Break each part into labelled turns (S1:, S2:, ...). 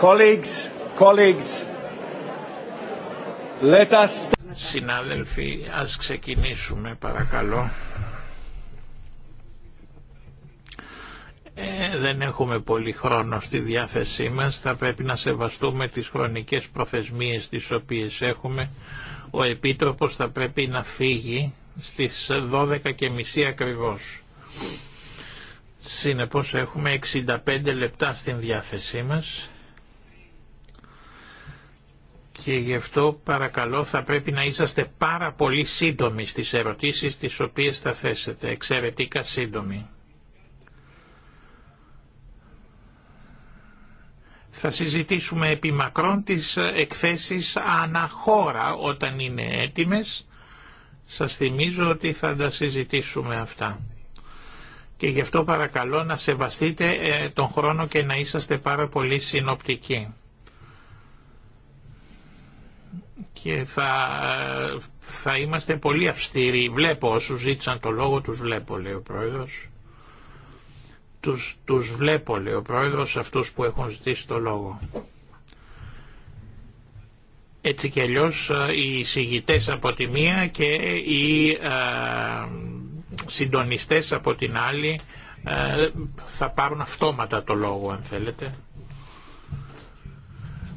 S1: Colleagues, colleagues, let
S2: Συνάδελφοι, ας ξεκινήσουμε παρακαλώ. Ε, δεν έχουμε πολύ χρόνο στη διάθεσή μας, θα πρέπει να σεβαστούμε τις χρονικές προθεσμίες τις οποίες έχουμε. Ο Επίτροπος θα πρέπει να φύγει στις 12.30 ακριβώς. Συνεπώς έχουμε 65 λεπτά στην διάθεσή μας και γι' αυτό παρακαλώ θα πρέπει να είσαστε πάρα πολύ σύντομοι στις ερωτήσεις τις οποίες θα θέσετε, εξαιρετικά σύντομοι. Θα συζητήσουμε επί μακρόν τις εκθέσεις αναχώρα όταν είναι έτοιμες. Σας θυμίζω ότι θα τα συζητήσουμε αυτά. Και γι' αυτό παρακαλώ να σεβαστείτε ε, τον χρόνο και να είσαστε πάρα πολύ συνοπτικοί και θα, θα είμαστε πολύ αυστηροί. Βλέπω όσους ζήτησαν το λόγο, τους βλέπω λέει ο Πρόεδρος. Τους, τους βλέπω λέει ο Πρόεδρος αυτούς που έχουν ζητήσει το λόγο. Έτσι κι αλλιώς ε, οι συγητές από τη μία και οι α, ε, συντονιστές από την άλλη ε, θα πάρουν αυτόματα το λόγο αν θέλετε.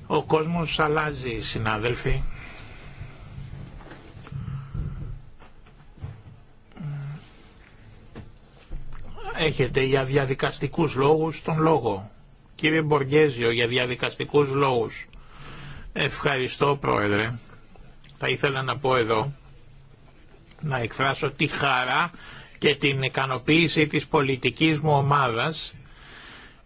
S2: Ο κόσμος αλλάζει, συνάδελφοι. Έχετε για διαδικαστικούς λόγους τον λόγο. Κύριε Μποργέζιο, για διαδικαστικούς λόγους. Ευχαριστώ, Πρόεδρε. Θα ήθελα να πω εδώ, να εκφράσω τη χαρά και την ικανοποίηση της πολιτικής μου ομάδας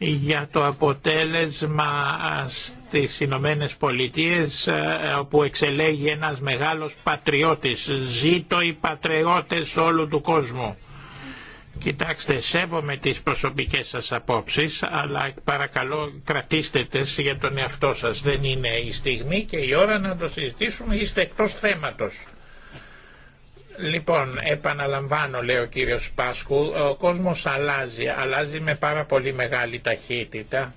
S2: για το αποτέλεσμα στις Ηνωμένε Πολιτείε, ε, όπου εξελέγει ένας μεγάλος πατριώτης. Ζήτω οι πατριώτες όλου του κόσμου. Κοιτάξτε, σέβομαι τις προσωπικές σας απόψεις, αλλά παρακαλώ κρατήστε για τον εαυτό σας. Δεν είναι η στιγμή και η ώρα να το συζητήσουμε, είστε εκτός θέματος. Λοιπόν, επαναλαμβάνω, λέει ο κύριος Πάσκου, ο κόσμος αλλάζει, αλλάζει με πάρα πολύ μεγάλη ταχύτητα.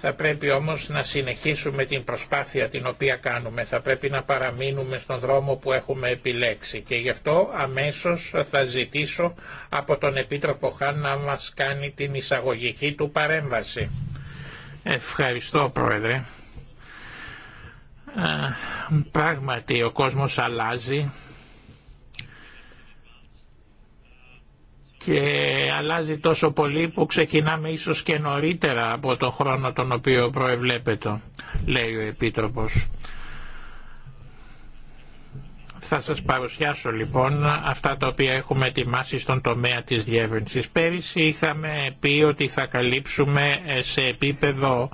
S2: Θα πρέπει όμως να συνεχίσουμε την προσπάθεια την οποία κάνουμε. Θα πρέπει να παραμείνουμε στον δρόμο που έχουμε επιλέξει. Και γι' αυτό αμέσως θα ζητήσω από τον Επίτροπο Χάν να μας κάνει την εισαγωγική του παρέμβαση. Ευχαριστώ Πρόεδρε. Πράγματι ο κόσμος αλλάζει και αλλάζει τόσο πολύ που ξεκινάμε ίσως και νωρίτερα από τον χρόνο τον οποίο προεβλέπετο, λέει ο Επίτροπος. Θα σας παρουσιάσω λοιπόν αυτά τα οποία έχουμε ετοιμάσει στον τομέα της διεύρυνσης. Πέρυσι είχαμε πει ότι θα καλύψουμε σε επίπεδο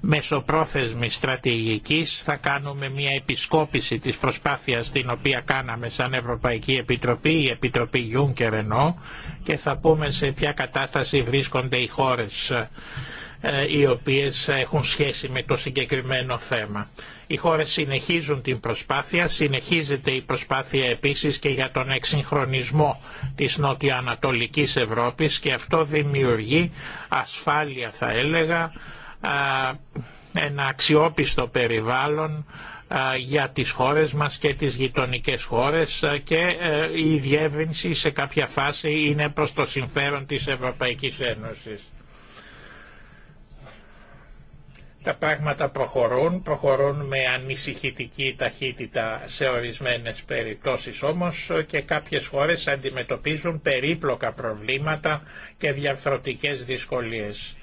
S2: μεσοπρόθεσμης στρατηγικής θα κάνουμε μια επισκόπηση της προσπάθειας την οποία κάναμε σαν Ευρωπαϊκή Επιτροπή, η Επιτροπή Γιούνκερ ενώ και θα πούμε σε ποια κατάσταση βρίσκονται οι χώρες ε, οι οποίες έχουν σχέση με το συγκεκριμένο θέμα. Οι χώρες συνεχίζουν την προσπάθεια, συνεχίζεται η προσπάθεια επίσης και για τον εξυγχρονισμό της νοτιοανατολικής Ευρώπης και αυτό δημιουργεί ασφάλεια θα έλεγα ένα αξιόπιστο περιβάλλον για τις χώρες μας και τις γειτονικές χώρες και ε, η διεύρυνση σε κάποια φάση είναι προς το συμφέρον της Ευρωπαϊκής Ένωσης. Τα πράγματα προχωρούν, προχωρούν με ανησυχητική ταχύτητα σε ορισμένες περιπτώσεις όμως και κάποιες χώρες αντιμετωπίζουν περίπλοκα προβλήματα και διαρθρωτικές δυσκολίες.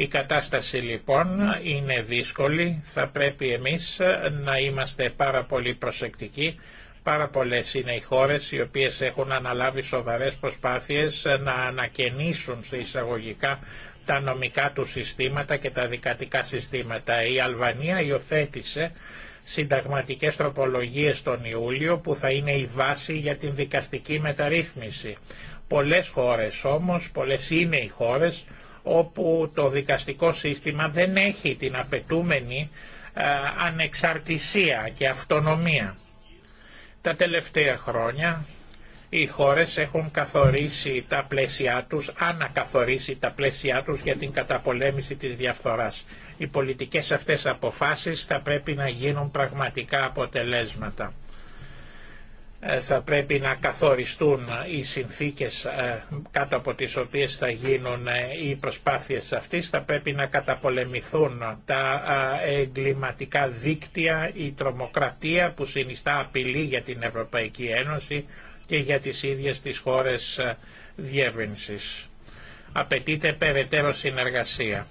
S2: Η κατάσταση λοιπόν είναι δύσκολη, θα πρέπει εμείς να είμαστε πάρα πολύ προσεκτικοί. Πάρα πολλές είναι οι χώρες οι οποίες έχουν αναλάβει σοβαρές προσπάθειες να ανακαινήσουν σε εισαγωγικά τα νομικά του συστήματα και τα δικατικά συστήματα. Η Αλβανία υιοθέτησε συνταγματικές τροπολογίες τον Ιούλιο που θα είναι η βάση για την δικαστική μεταρρύθμιση. Πολλές χώρες όμως, πολλές είναι οι χώρες όπου το δικαστικό σύστημα δεν έχει την απαιτούμενη ε, ανεξαρτησία και αυτονομία. Τα τελευταία χρόνια οι χώρες έχουν καθορίσει τα πλαίσια τους, ανακαθορίσει τα πλαίσια τους για την καταπολέμηση της διαφθοράς. Οι πολιτικές αυτές αποφάσεις θα πρέπει να γίνουν πραγματικά αποτελέσματα. Ε, θα πρέπει να καθοριστούν οι συνθήκες ε, κάτω από τις οποίες θα γίνουν ε, οι προσπάθειες αυτής, θα πρέπει να καταπολεμηθούν τα εγκληματικά δίκτυα, η τρομοκρατία που συνιστά απειλή για την Ευρωπαϊκή Ένωση και για τις ίδιες τις χώρες διεύρυνσης. Απαιτείται περαιτέρω συνεργασία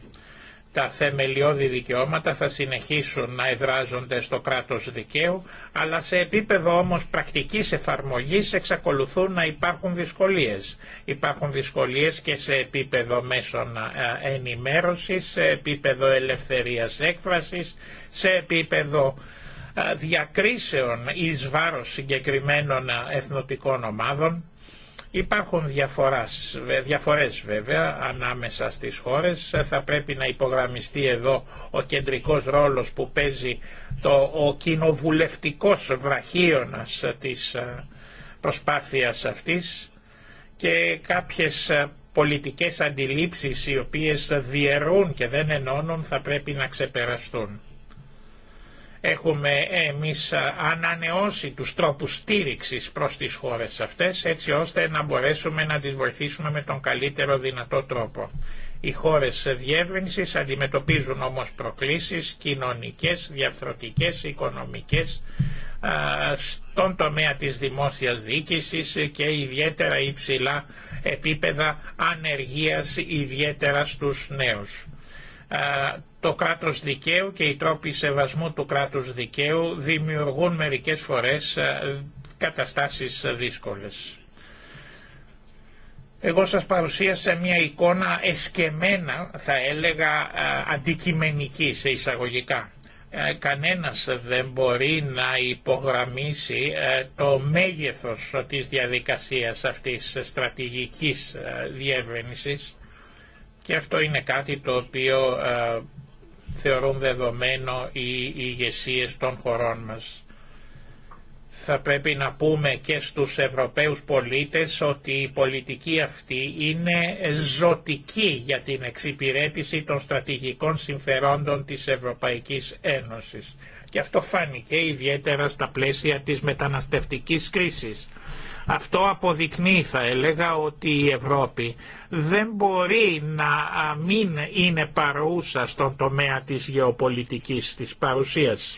S2: τα θεμελιώδη δικαιώματα θα συνεχίσουν να εδράζονται στο κράτος δικαίου, αλλά σε επίπεδο όμως πρακτικής εφαρμογής εξακολουθούν να υπάρχουν δυσκολίες. Υπάρχουν δυσκολίες και σε επίπεδο μέσων ε, ενημέρωσης, σε επίπεδο ελευθερίας έκφρασης, σε επίπεδο ε, διακρίσεων εις βάρος συγκεκριμένων ε, εθνοτικών ομάδων Υπάρχουν διαφοράς, διαφορές βέβαια ανάμεσα στις χώρες. Θα πρέπει να υπογραμμιστεί εδώ ο κεντρικός ρόλος που παίζει το, ο κοινοβουλευτικός βραχίωνας της ε, προσπάθειας αυτής και κάποιες ε, πολιτικές αντιλήψεις οι οποίες διαιρούν και δεν ενώνουν θα πρέπει να ξεπεραστούν. Έχουμε εμείς ανανεώσει τους τρόπους στήριξης προς τις χώρες αυτές έτσι ώστε να μπορέσουμε να τις βοηθήσουμε με τον καλύτερο δυνατό τρόπο. Οι χώρες διεύρυνσης αντιμετωπίζουν όμως προκλήσεις κοινωνικές, διαφθρωτικές, οικονομικές στον τομέα της δημόσιας διοίκησης και ιδιαίτερα υψηλά επίπεδα ανεργίας ιδιαίτερα στους νέους το κράτος δικαίου και οι τρόποι σεβασμού του κράτους δικαίου δημιουργούν μερικές φορές ε, καταστάσεις δύσκολες. Εγώ σας παρουσίασα μια εικόνα εσκεμένα, θα έλεγα, ε, αντικειμενική σε εισαγωγικά. Ε, κανένας δεν μπορεί να υπογραμμίσει το μέγεθος της διαδικασίας αυτής στρατηγικής διεύρυνσης και αυτό είναι κάτι το οποίο θεωρούν δεδομένο οι ηγεσίε των χωρών μας. Θα πρέπει να πούμε και στους Ευρωπαίους πολίτες ότι η πολιτική αυτή είναι ζωτική για την εξυπηρέτηση των στρατηγικών συμφερόντων της Ευρωπαϊκής Ένωσης. Και αυτό φάνηκε ιδιαίτερα στα πλαίσια της μεταναστευτικής κρίσης αυτό αποδεικνύει θα έλεγα ότι η Ευρώπη δεν μπορεί να μην είναι παρούσα στον τομέα της γεωπολιτικής της παρουσίας.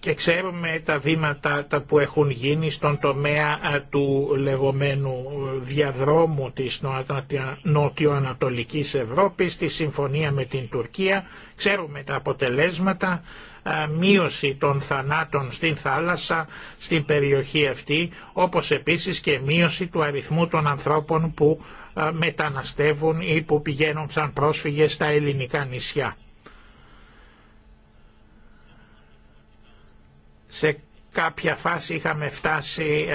S2: και ξέρουμε τα βήματα τα που έχουν γίνει στον τομέα του λεγόμενου διαδρόμου της Νότιο-Ανατολικής Ευρώπης, τη συμφωνία με την Τουρκία. Ξέρουμε τα αποτελέσματα μείωση των θανάτων στην θάλασσα, στην περιοχή αυτή, όπως επίσης και μείωση του αριθμού των ανθρώπων που μεταναστεύουν ή που πηγαίνουν σαν πρόσφυγες στα ελληνικά νησιά κάποια φάση είχαμε φτάσει ε,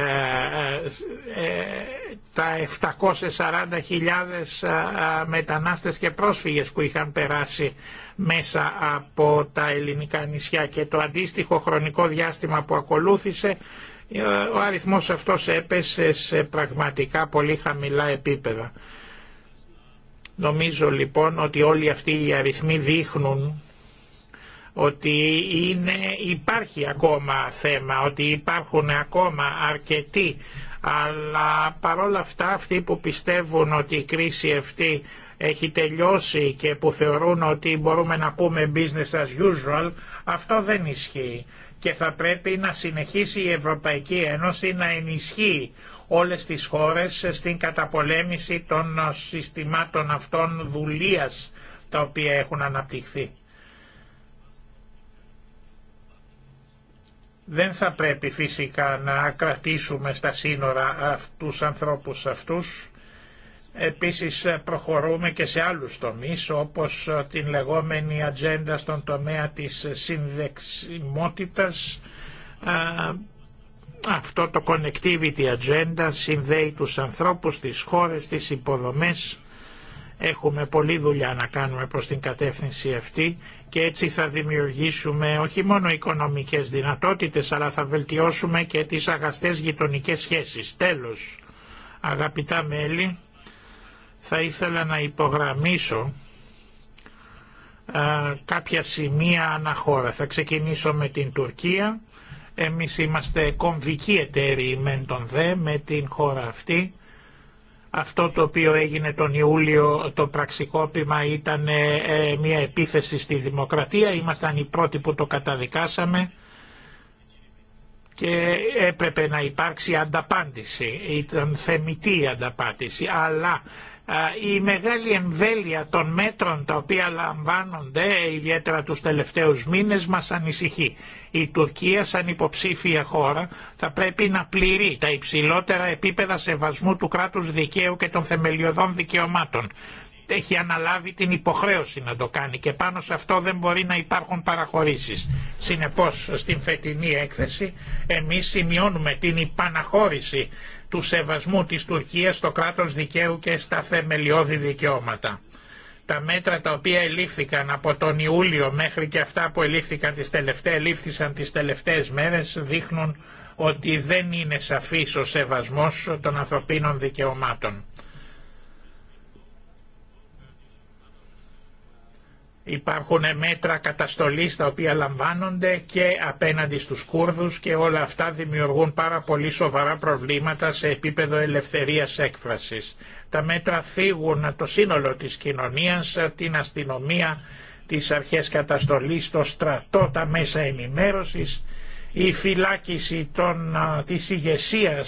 S2: ε, ε, τα 740.000 μετανάστες και πρόσφυγες που είχαν περάσει μέσα από τα ελληνικά νησιά και το αντίστοιχο χρονικό διάστημα που ακολούθησε ο αριθμός αυτός έπεσε σε πραγματικά πολύ χαμηλά επίπεδα. Νομίζω λοιπόν ότι όλοι αυτοί οι αριθμοί δείχνουν ότι είναι, υπάρχει ακόμα θέμα, ότι υπάρχουν ακόμα αρκετοί, αλλά παρόλα αυτά αυτοί που πιστεύουν ότι η κρίση αυτή έχει τελειώσει και που θεωρούν ότι μπορούμε να πούμε business as usual, αυτό δεν ισχύει. Και θα πρέπει να συνεχίσει η Ευρωπαϊκή Ένωση να ενισχύει όλες τις χώρες στην καταπολέμηση των συστημάτων αυτών δουλείας τα οποία έχουν αναπτυχθεί. Δεν θα πρέπει φυσικά να κρατήσουμε στα σύνορα τους ανθρώπους αυτούς. Επίσης προχωρούμε και σε άλλους τομείς όπως την λεγόμενη ατζέντα στον τομέα της συνδεξιμότητας. Αυτό το connectivity agenda συνδέει τους ανθρώπους, τις χώρες, τις υποδομές Έχουμε πολλή δουλειά να κάνουμε προς την κατεύθυνση αυτή και έτσι θα δημιουργήσουμε όχι μόνο οικονομικές δυνατότητες αλλά θα βελτιώσουμε και τις αγαστές γειτονικές σχέσεις. Τέλος, αγαπητά μέλη, θα ήθελα να υπογραμμίσω κάποια σημεία αναχώρα. Θα ξεκινήσω με την Τουρκία. Εμείς είμαστε κομβικοί εταίροι μεν τον δε με την χώρα αυτή αυτό το οποίο έγινε τον Ιούλιο το πραξικόπημα ήταν ε, μια επίθεση στη δημοκρατία. Ήμασταν οι πρώτοι που το καταδικάσαμε και έπρεπε να υπάρξει ανταπάντηση. Ήταν θεμητή η ανταπάντηση. Αλλά η μεγάλη εμβέλεια των μέτρων τα οποία λαμβάνονται ιδιαίτερα τους τελευταίους μήνες μας ανησυχεί. Η Τουρκία σαν υποψήφια χώρα θα πρέπει να πληρεί τα υψηλότερα επίπεδα σεβασμού του κράτους δικαίου και των θεμελιωδών δικαιωμάτων. Έχει αναλάβει την υποχρέωση να το κάνει και πάνω σε αυτό δεν μπορεί να υπάρχουν παραχωρήσεις. Συνεπώς στην φετινή έκθεση εμείς σημειώνουμε την υπαναχώρηση του σεβασμού της Τουρκίας στο κράτος δικαίου και στα θεμελιώδη δικαιώματα. Τα μέτρα τα οποία ελήφθηκαν από τον Ιούλιο μέχρι και αυτά που ελήφθηκαν τις τελευταίες, ελήφθησαν τις τελευταίες μέρες δείχνουν ότι δεν είναι σαφής ο σεβασμός των ανθρωπίνων δικαιωμάτων. Υπάρχουν μέτρα καταστολής τα οποία λαμβάνονται και απέναντι στους Κούρδους και όλα αυτά δημιουργούν πάρα πολύ σοβαρά προβλήματα σε επίπεδο ελευθερίας έκφρασης. Τα μέτρα φύγουν το σύνολο της κοινωνίας, την αστυνομία, τις αρχές καταστολής, το στρατό, τα μέσα ενημέρωσης, η φυλάκιση των, της ηγεσία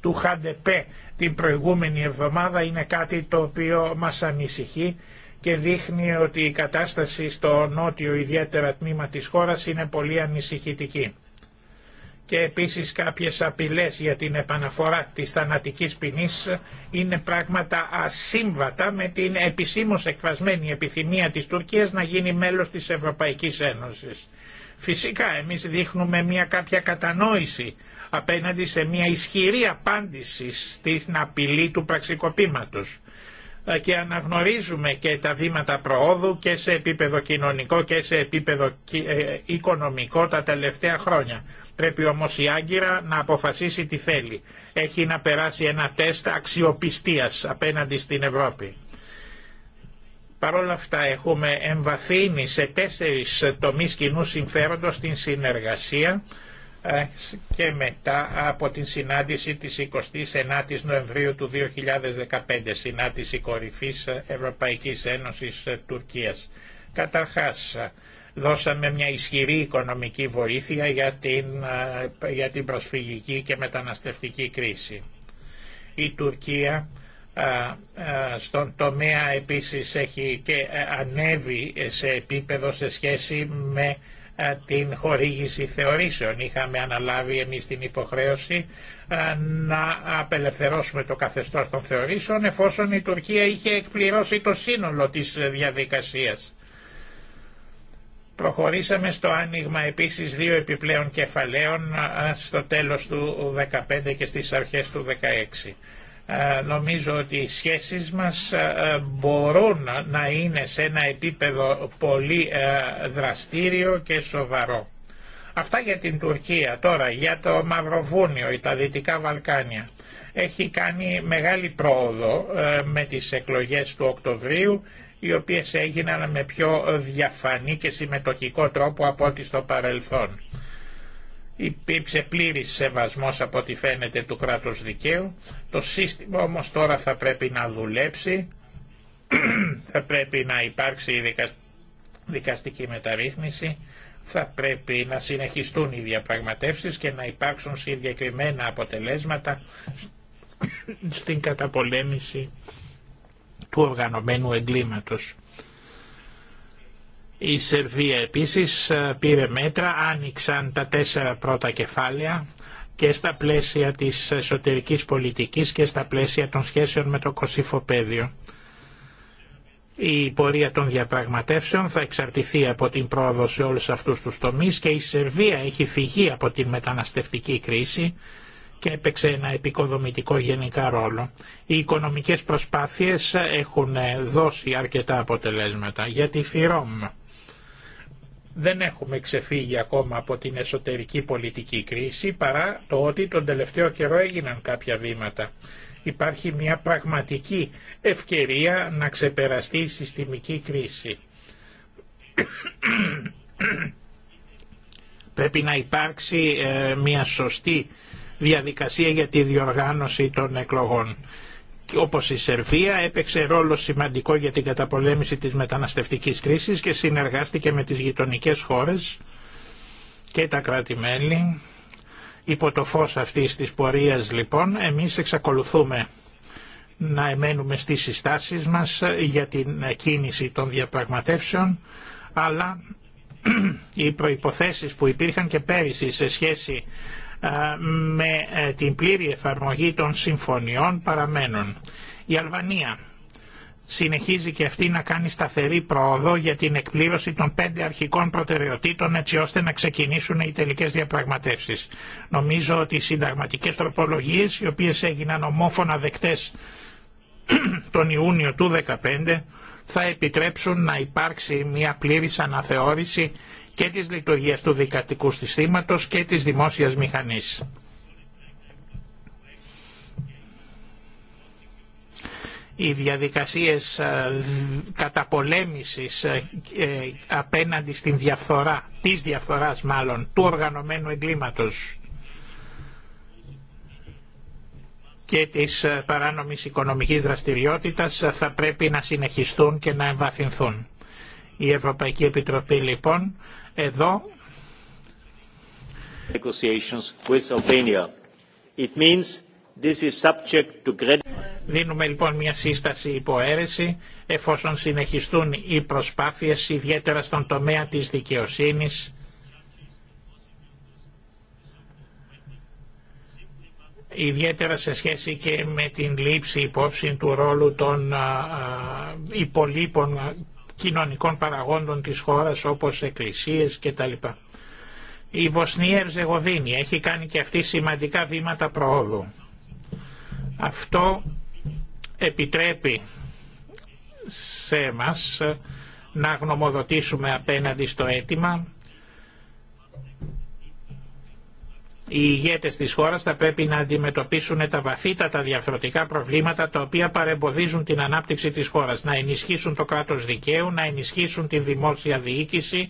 S2: του ΧΑΝΤΕΠΕ την προηγούμενη εβδομάδα είναι κάτι το οποίο μας ανησυχεί και δείχνει ότι η κατάσταση στο νότιο ιδιαίτερα τμήμα της χώρας είναι πολύ ανησυχητική. Και επίσης κάποιες απειλές για την επαναφορά της θανατικής ποινής είναι πράγματα ασύμβατα με την επισήμως εκφρασμένη επιθυμία της Τουρκίας να γίνει μέλος της Ευρωπαϊκής Ένωσης. Φυσικά εμείς δείχνουμε μια κάποια κατανόηση απέναντι σε μια ισχυρή απάντηση στην απειλή του πραξικοπήματος και αναγνωρίζουμε και τα βήματα προόδου και σε επίπεδο κοινωνικό και σε επίπεδο ε, οικονομικό τα τελευταία χρόνια. Πρέπει όμως η Άγκυρα να αποφασίσει τι θέλει. Έχει να περάσει ένα τεστ αξιοπιστίας απέναντι στην Ευρώπη. Παρ' όλα αυτά έχουμε εμβαθύνει σε τέσσερις τομείς κοινού συμφέροντος την συνεργασία και μετά από την συνάντηση της 29ης Νοεμβρίου του 2015, συνάντηση κορυφής Ευρωπαϊκής Ένωσης Τουρκίας. Καταρχάς, δώσαμε μια ισχυρή οικονομική βοήθεια για την, για την προσφυγική και μεταναστευτική κρίση. Η Τουρκία στον τομέα επίσης έχει και ανέβει σε επίπεδο σε σχέση με ε, την χορήγηση θεωρήσεων. Είχαμε αναλάβει εμείς την υποχρέωση ε, να απελευθερώσουμε το καθεστώς των θεωρήσεων εφόσον η Τουρκία είχε εκπληρώσει το σύνολο της διαδικασίας. Προχωρήσαμε στο άνοιγμα επίσης δύο επιπλέον κεφαλαίων ε, στο τέλος του 2015 και στις αρχές του 2016. Ε, νομίζω ότι οι σχέσεις μας ε, ε, μπορούν να είναι σε ένα επίπεδο πολύ δραστήριο και σοβαρό. Αυτά για την Τουρκία. Τώρα για το Μαυροβούνιο ή τα Δυτικά Βαλκάνια. Έχει κάνει μεγάλη πρόοδο με τις εκλογές του Οκτωβρίου οι οποίες έγιναν με πιο διαφανή και συμμετοχικό τρόπο από ό,τι στο παρελθόν υπήρξε πλήρης σεβασμός από ό,τι φαίνεται του κράτους δικαίου. Το σύστημα όμως τώρα θα πρέπει να δουλέψει, θα πρέπει να υπάρξει η δικαστική μεταρρύθμιση, θα πρέπει να συνεχιστούν οι διαπραγματεύσεις και να υπάρξουν συγκεκριμένα αποτελέσματα στην καταπολέμηση του οργανωμένου εγκλήματος. Η Σερβία επίσης ε, πήρε μέτρα, άνοιξαν τα τέσσερα πρώτα κεφάλαια και στα πλαίσια της εσωτερικής πολιτικής και στα πλαίσια των σχέσεων με το Πέδιο. Η πορεία των διαπραγματεύσεων θα εξαρτηθεί από την πρόοδο σε όλους αυτούς τους τομείς και η Σερβία έχει φυγεί από την μεταναστευτική κρίση και έπαιξε ένα επικοδομητικό γενικά ρόλο. Οι οικονομικές προσπάθειες έχουν ε, δώσει αρκετά αποτελέσματα για τη ΦΥΡΟΜ δεν έχουμε ξεφύγει ακόμα από την εσωτερική πολιτική κρίση παρά το ότι τον τελευταίο καιρό έγιναν κάποια βήματα. Υπάρχει μια πραγματική ευκαιρία να ξεπεραστεί η συστημική κρίση. Πρέπει να υπάρξει ε, μια σωστή διαδικασία για τη διοργάνωση των εκλογών όπως η Σερβία έπαιξε ρόλο σημαντικό για την καταπολέμηση της μεταναστευτικής κρίσης και συνεργάστηκε με τις γειτονικές χώρες και τα κράτη-μέλη. Υπό το φως αυτής της πορείας λοιπόν εμείς εξακολουθούμε να εμένουμε στις συστάσεις μας για την κίνηση των διαπραγματεύσεων αλλά οι προϋποθέσεις που υπήρχαν και πέρυσι σε σχέση με ε, την πλήρη εφαρμογή των συμφωνιών παραμένουν. Η Αλβανία συνεχίζει και αυτή να κάνει σταθερή πρόοδο για την εκπλήρωση των πέντε αρχικών προτεραιοτήτων έτσι ώστε να ξεκινήσουν οι τελικές διαπραγματεύσεις. Νομίζω ότι οι συνταγματικές τροπολογίες οι οποίες έγιναν ομόφωνα δεκτές τον Ιούνιο του 2015 θα επιτρέψουν να υπάρξει μια πλήρης αναθεώρηση και της λειτουργίας του δικατικού συστήματος και της δημόσιας μηχανής. οι διαδικασίες ε, καταπολέμησης ε, ε, απέναντι στην διαφθορά, της διαφθοράς μάλλον, του οργανωμένου εγκλήματος και της παράνομης οικονομικής δραστηριότητας θα πρέπει να συνεχιστούν και να εμβαθυνθούν. Η Ευρωπαϊκή Επιτροπή λοιπόν εδώ Δίνουμε λοιπόν μια σύσταση υποαίρεση εφόσον συνεχιστούν οι προσπάθειες ιδιαίτερα στον τομέα της δικαιοσύνης ιδιαίτερα σε σχέση και με την λήψη υπόψη του ρόλου των υπολείπων κοινωνικών παραγόντων της χώρας όπως εκκλησίες κτλ. Η Βοσνία Ερζεγοβίνη έχει κάνει και αυτή σημαντικά βήματα προόδου. Αυτό επιτρέπει σε μας να γνωμοδοτήσουμε απέναντι στο αίτημα Οι ηγέτες της χώρας θα πρέπει να αντιμετωπίσουν τα βαθύτατα διαφορετικά προβλήματα τα οποία παρεμποδίζουν την ανάπτυξη της χώρας, να ενισχύσουν το κράτος δικαίου, να ενισχύσουν τη δημόσια διοίκηση,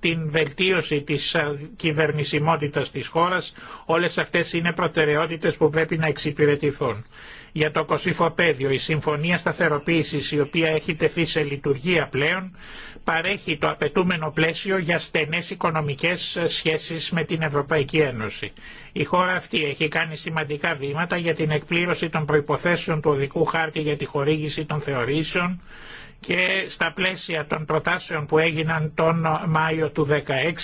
S2: την βελτίωση της ε, κυβερνησιμότητας της χώρας. Όλες αυτές είναι προτεραιότητες που πρέπει να εξυπηρετηθούν. Για το κοσυφοπέδιο η Συμφωνία Σταθεροποίησης η οποία έχει τεθεί σε λειτουργία πλέον παρέχει το απαιτούμενο πλαίσιο για στενές οικονομικές σχέσει με την Ευρωπαϊκή Ένωση. Η χώρα αυτή έχει κάνει σημαντικά βήματα για την εκπλήρωση των προποθέσεων του οδικού χάρτη για τη χορήγηση των θεωρήσεων και στα πλαίσια των προτάσεων που έγιναν τον Μάιο του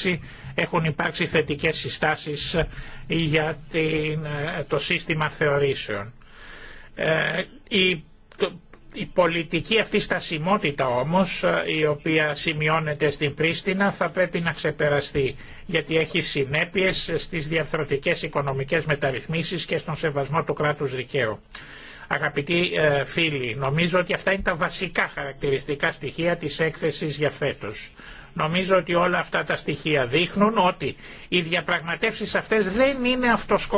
S2: 2016 έχουν υπάρξει θετικές συστάσεις για το σύστημα θεωρήσεων. Ε, η, η πολιτική αυτή στασιμότητα όμως ε, η οποία σημειώνεται στην Πρίστινα θα πρέπει να ξεπεραστεί γιατί έχει συνέπειες στις διαρθρωτικές οικονομικές μεταρρυθμίσεις και στον σεβασμό του κράτους δικαίου. Αγαπητοί ε, φίλοι, νομίζω ότι αυτά είναι τα βασικά χαρακτηριστικά στοιχεία της έκθεσης για φέτος. Νομίζω ότι όλα αυτά τα στοιχεία δείχνουν ότι οι διαπραγματεύσεις αυτές δεν είναι αυτός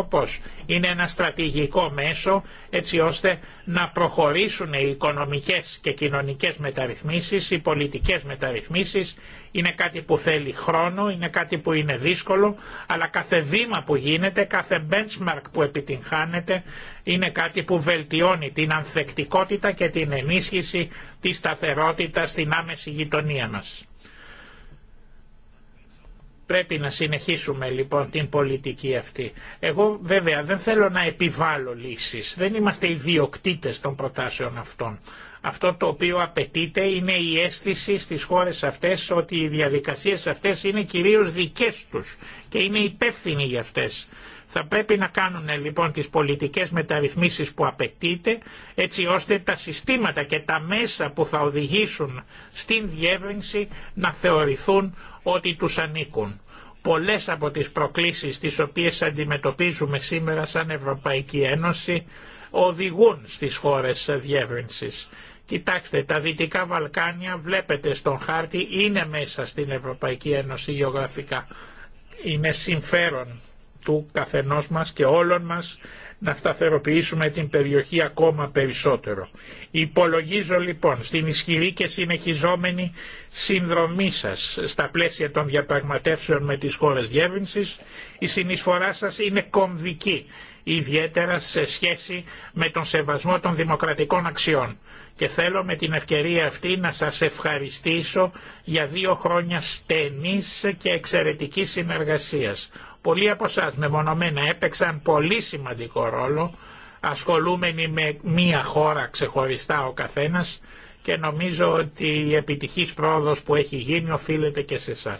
S2: Είναι ένα στρατηγικό μέσο έτσι ώστε να προχωρήσουν οι οικονομικές και κοινωνικές μεταρρυθμίσεις, οι πολιτικές μεταρρυθμίσεις. Είναι κάτι που θέλει χρόνο, είναι κάτι που είναι δύσκολο, αλλά κάθε βήμα που γίνεται, κάθε benchmark που επιτυγχάνεται είναι κάτι που βελτιώνει την ανθεκτικότητα και την ενίσχυση της σταθερότητας στην άμεση γειτονία μας. Πρέπει να συνεχίσουμε λοιπόν την πολιτική αυτή. Εγώ βέβαια δεν θέλω να επιβάλλω λύσεις. Δεν είμαστε ιδιοκτήτες των προτάσεων αυτών. Αυτό το οποίο απαιτείται είναι η αίσθηση στις χώρες αυτές ότι οι διαδικασίες αυτές είναι κυρίως δικές τους και είναι υπεύθυνοι για αυτές. Θα πρέπει να κάνουν λοιπόν τις πολιτικές μεταρρυθμίσεις που απαιτείται έτσι ώστε τα συστήματα και τα μέσα που θα οδηγήσουν στην διεύρυνση να θεωρηθούν ότι τους ανήκουν. Πολλές από τις προκλήσεις τις οποίες αντιμετωπίζουμε σήμερα σαν Ευρωπαϊκή Ένωση οδηγούν στις χώρες διεύρυνσης. Κοιτάξτε, τα Δυτικά Βαλκάνια βλέπετε στον χάρτη είναι μέσα στην Ευρωπαϊκή Ένωση γεωγραφικά. Είναι συμφέρον του καθενός μας και όλων μας να σταθεροποιήσουμε την περιοχή ακόμα περισσότερο. Υπολογίζω λοιπόν στην ισχυρή και συνεχιζόμενη συνδρομή σας στα πλαίσια των διαπραγματεύσεων με τις χώρες διεύρυνσης. Η συνεισφορά σας είναι κομβική, ιδιαίτερα σε σχέση με τον σεβασμό των δημοκρατικών αξιών. Και θέλω με την ευκαιρία αυτή να σας ευχαριστήσω για δύο χρόνια στενής και εξαιρετικής συνεργασίας. Πολλοί από εσά μεμονωμένα έπαιξαν πολύ σημαντικό ρόλο ασχολούμενοι με μία χώρα ξεχωριστά ο καθένας και νομίζω ότι η επιτυχής πρόοδος που έχει γίνει οφείλεται και σε εσά.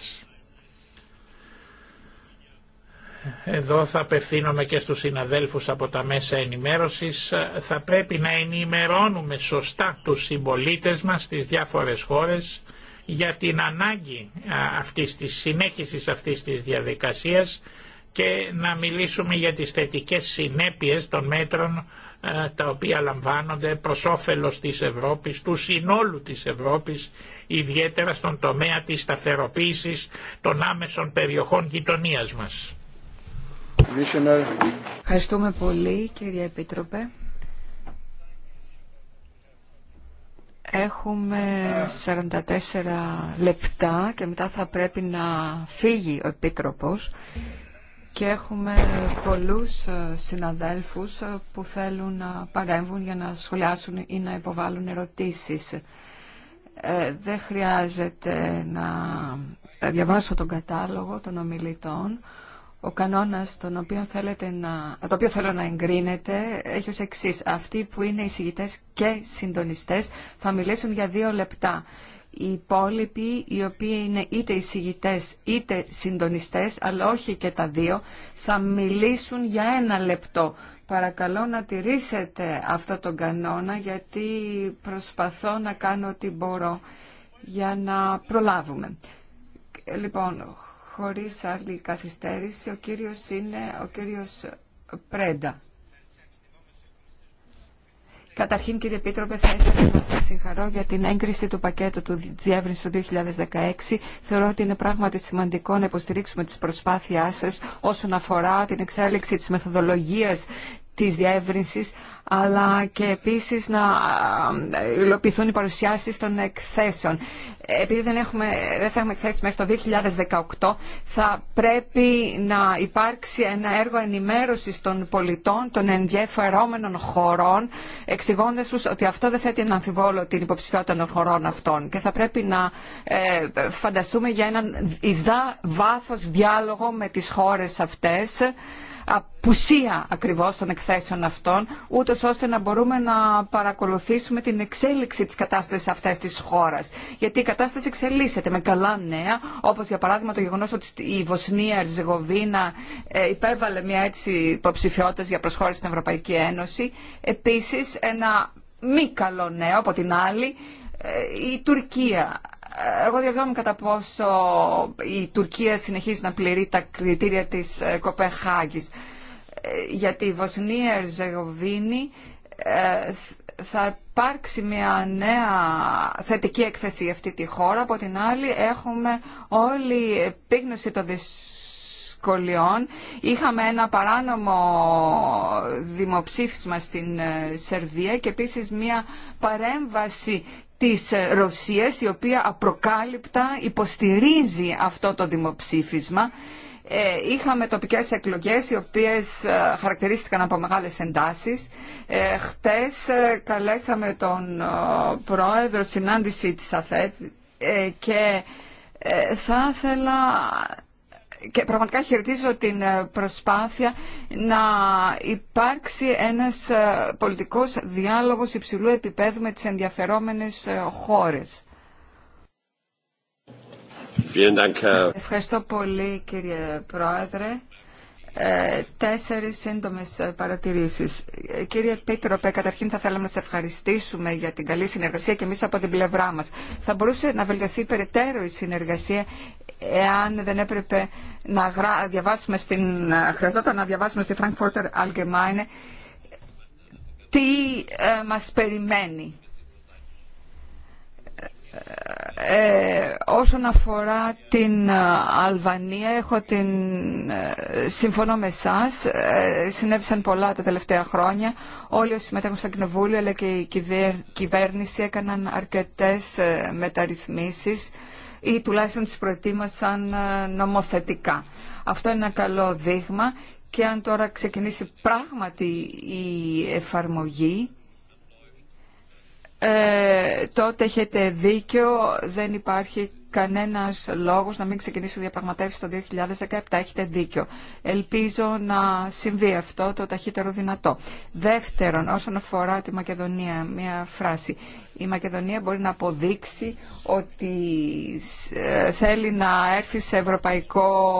S2: Εδώ θα απευθύνομαι και στους συναδέλφους από τα μέσα ενημέρωσης. Θα πρέπει να ενημερώνουμε σωστά τους συμπολίτε μας στις διάφορες χώρες για την ανάγκη αυτής της συνέχισης αυτής της διαδικασίας και να μιλήσουμε για τις θετικές συνέπειες των μέτρων τα οποία λαμβάνονται προς όφελος της Ευρώπης, του συνόλου της Ευρώπης, ιδιαίτερα στον τομέα της σταθεροποίησης των άμεσων περιοχών γειτονίας μας.
S3: Ευχαριστούμε πολύ κύριε Επίτροπε. Έχουμε 44 λεπτά και μετά θα πρέπει να φύγει ο Επίτροπος και έχουμε πολλούς ε, συναδέλφους ε, που θέλουν να παρέμβουν για να σχολιάσουν ή να υποβάλουν ερωτήσεις. Ε, δεν χρειάζεται να διαβάσω τον κατάλογο των ομιλητών. Ο κανόνας τον οποίο θέλετε να, το οποίο θέλω να εγκρίνετε έχει ως εξής. Αυτοί που είναι εισηγητέ και συντονιστές θα μιλήσουν για δύο λεπτά. Οι υπόλοιποι, οι οποίοι είναι είτε εισηγητέ είτε συντονιστές, αλλά όχι και τα δύο, θα μιλήσουν για ένα λεπτό. Παρακαλώ να τηρήσετε αυτό τον κανόνα, γιατί προσπαθώ να κάνω ό,τι μπορώ για να προλάβουμε. Λοιπόν, χωρίς άλλη καθυστέρηση. Ο κύριος είναι ο κύριος Πρέντα. Καταρχήν κύριε Επίτροπε θα ήθελα να σας συγχαρώ για την έγκριση του πακέτου του διεύρυνση του 2016. Θεωρώ ότι είναι πράγματι σημαντικό να υποστηρίξουμε τις προσπάθειές σας όσον αφορά την εξέλιξη της μεθοδολογίας της διεύρυνση, αλλά και επίσης να ε, υλοποιηθούν οι παρουσιάσεις των εκθέσεων. Επειδή δεν, έχουμε, δεν θα έχουμε εκθέσεις μέχρι το 2018, θα πρέπει να υπάρξει ένα έργο ενημέρωσης των πολιτών, των ενδιαφερόμενων χωρών, εξηγώντας τους ότι αυτό δεν θέτει να αμφιβόλο την υποψηφιότητα των χωρών αυτών. Και θα πρέπει να ε, φανταστούμε για έναν ισδά βάθος διάλογο με τις χώρες αυτές, απουσία ακριβώς των εκθέσεων αυτών, ούτω ώστε να μπορούμε να παρακολουθήσουμε την εξέλιξη της κατάστασης αυτής της χώρας. Γιατί η κατάσταση εξελίσσεται με καλά νέα, όπως για παράδειγμα το γεγονός ότι η Βοσνία Ερζεγοβίνα ε, υπέβαλε μια έτσι υποψηφιότητα για προσχώρηση στην Ευρωπαϊκή Ένωση. Επίσης ένα μη καλό νέο από την άλλη, ε, η Τουρκία εγώ διαβιώνω κατά πόσο η Τουρκία συνεχίζει να πληρεί τα κριτήρια της ε, Κοπεχάγης. Ε, γιατί η Βοσνία Ερζεγοβίνη ε, θα υπάρξει μια νέα θετική έκθεση για αυτή τη χώρα. Από την άλλη έχουμε όλη επίγνωση των δυσκολιών. Είχαμε ένα παράνομο δημοψήφισμα στην Σερβία και επίσης μια παρέμβαση της Ρωσίας η οποία απροκάλυπτα υποστηρίζει αυτό το δημοψήφισμα. Ε, είχαμε τοπικές εκλογές οι οποίες ε, χαρακτηρίστηκαν από μεγάλες εντάσεις. Ε, χτες καλέσαμε τον πρόεδρο συνάντηση της ΑΘΕΤ και θα ήθελα και πραγματικά χαιρετίζω την ε, προσπάθεια να υπάρξει ένας ε, πολιτικός διάλογος υψηλού επίπεδου με τις ενδιαφερόμενες ε, χώρες. Ευχαριστώ πολύ κύριε Πρόεδρε. Ε, τέσσερις σύντομες παρατηρήσεις. Κύριε Πίτροπε, καταρχήν θα θέλαμε να σε ευχαριστήσουμε για την καλή συνεργασία και εμείς από την πλευρά μας. Θα μπορούσε να βελτιωθεί περαιτέρω η συνεργασία εάν δεν έπρεπε να διαβάσουμε στην, χρειαζόταν να διαβάσουμε στη Frankfurter Allgemeine τι ε, μας περιμένει. Ε, όσον αφορά την ε, Αλβανία, έχω την, συμφωνώ με εσά. συνέβησαν πολλά τα τελευταία χρόνια. Όλοι όσοι συμμετέχουν στο Κοινοβούλιο αλλά και η κυβέρνηση έκαναν αρκετές μεταρρυθμίσεις ή τουλάχιστον τις προετοίμασαν ε, νομοθετικά. Αυτό είναι ένα καλό δείγμα και αν τώρα ξεκινήσει πράγματι η εφαρμογή, ε, τότε έχετε δίκιο, δεν υπάρχει κανένας λόγος να μην ξεκινήσει η διαπραγματεύση το 2017. Έχετε δίκιο. Ελπίζω να συμβεί αυτό το ταχύτερο δυνατό. Δεύτερον, όσον αφορά τη Μακεδονία, μια φράση. Η Μακεδονία μπορεί να αποδείξει ότι ε, θέλει να έρθει σε ευρωπαϊκό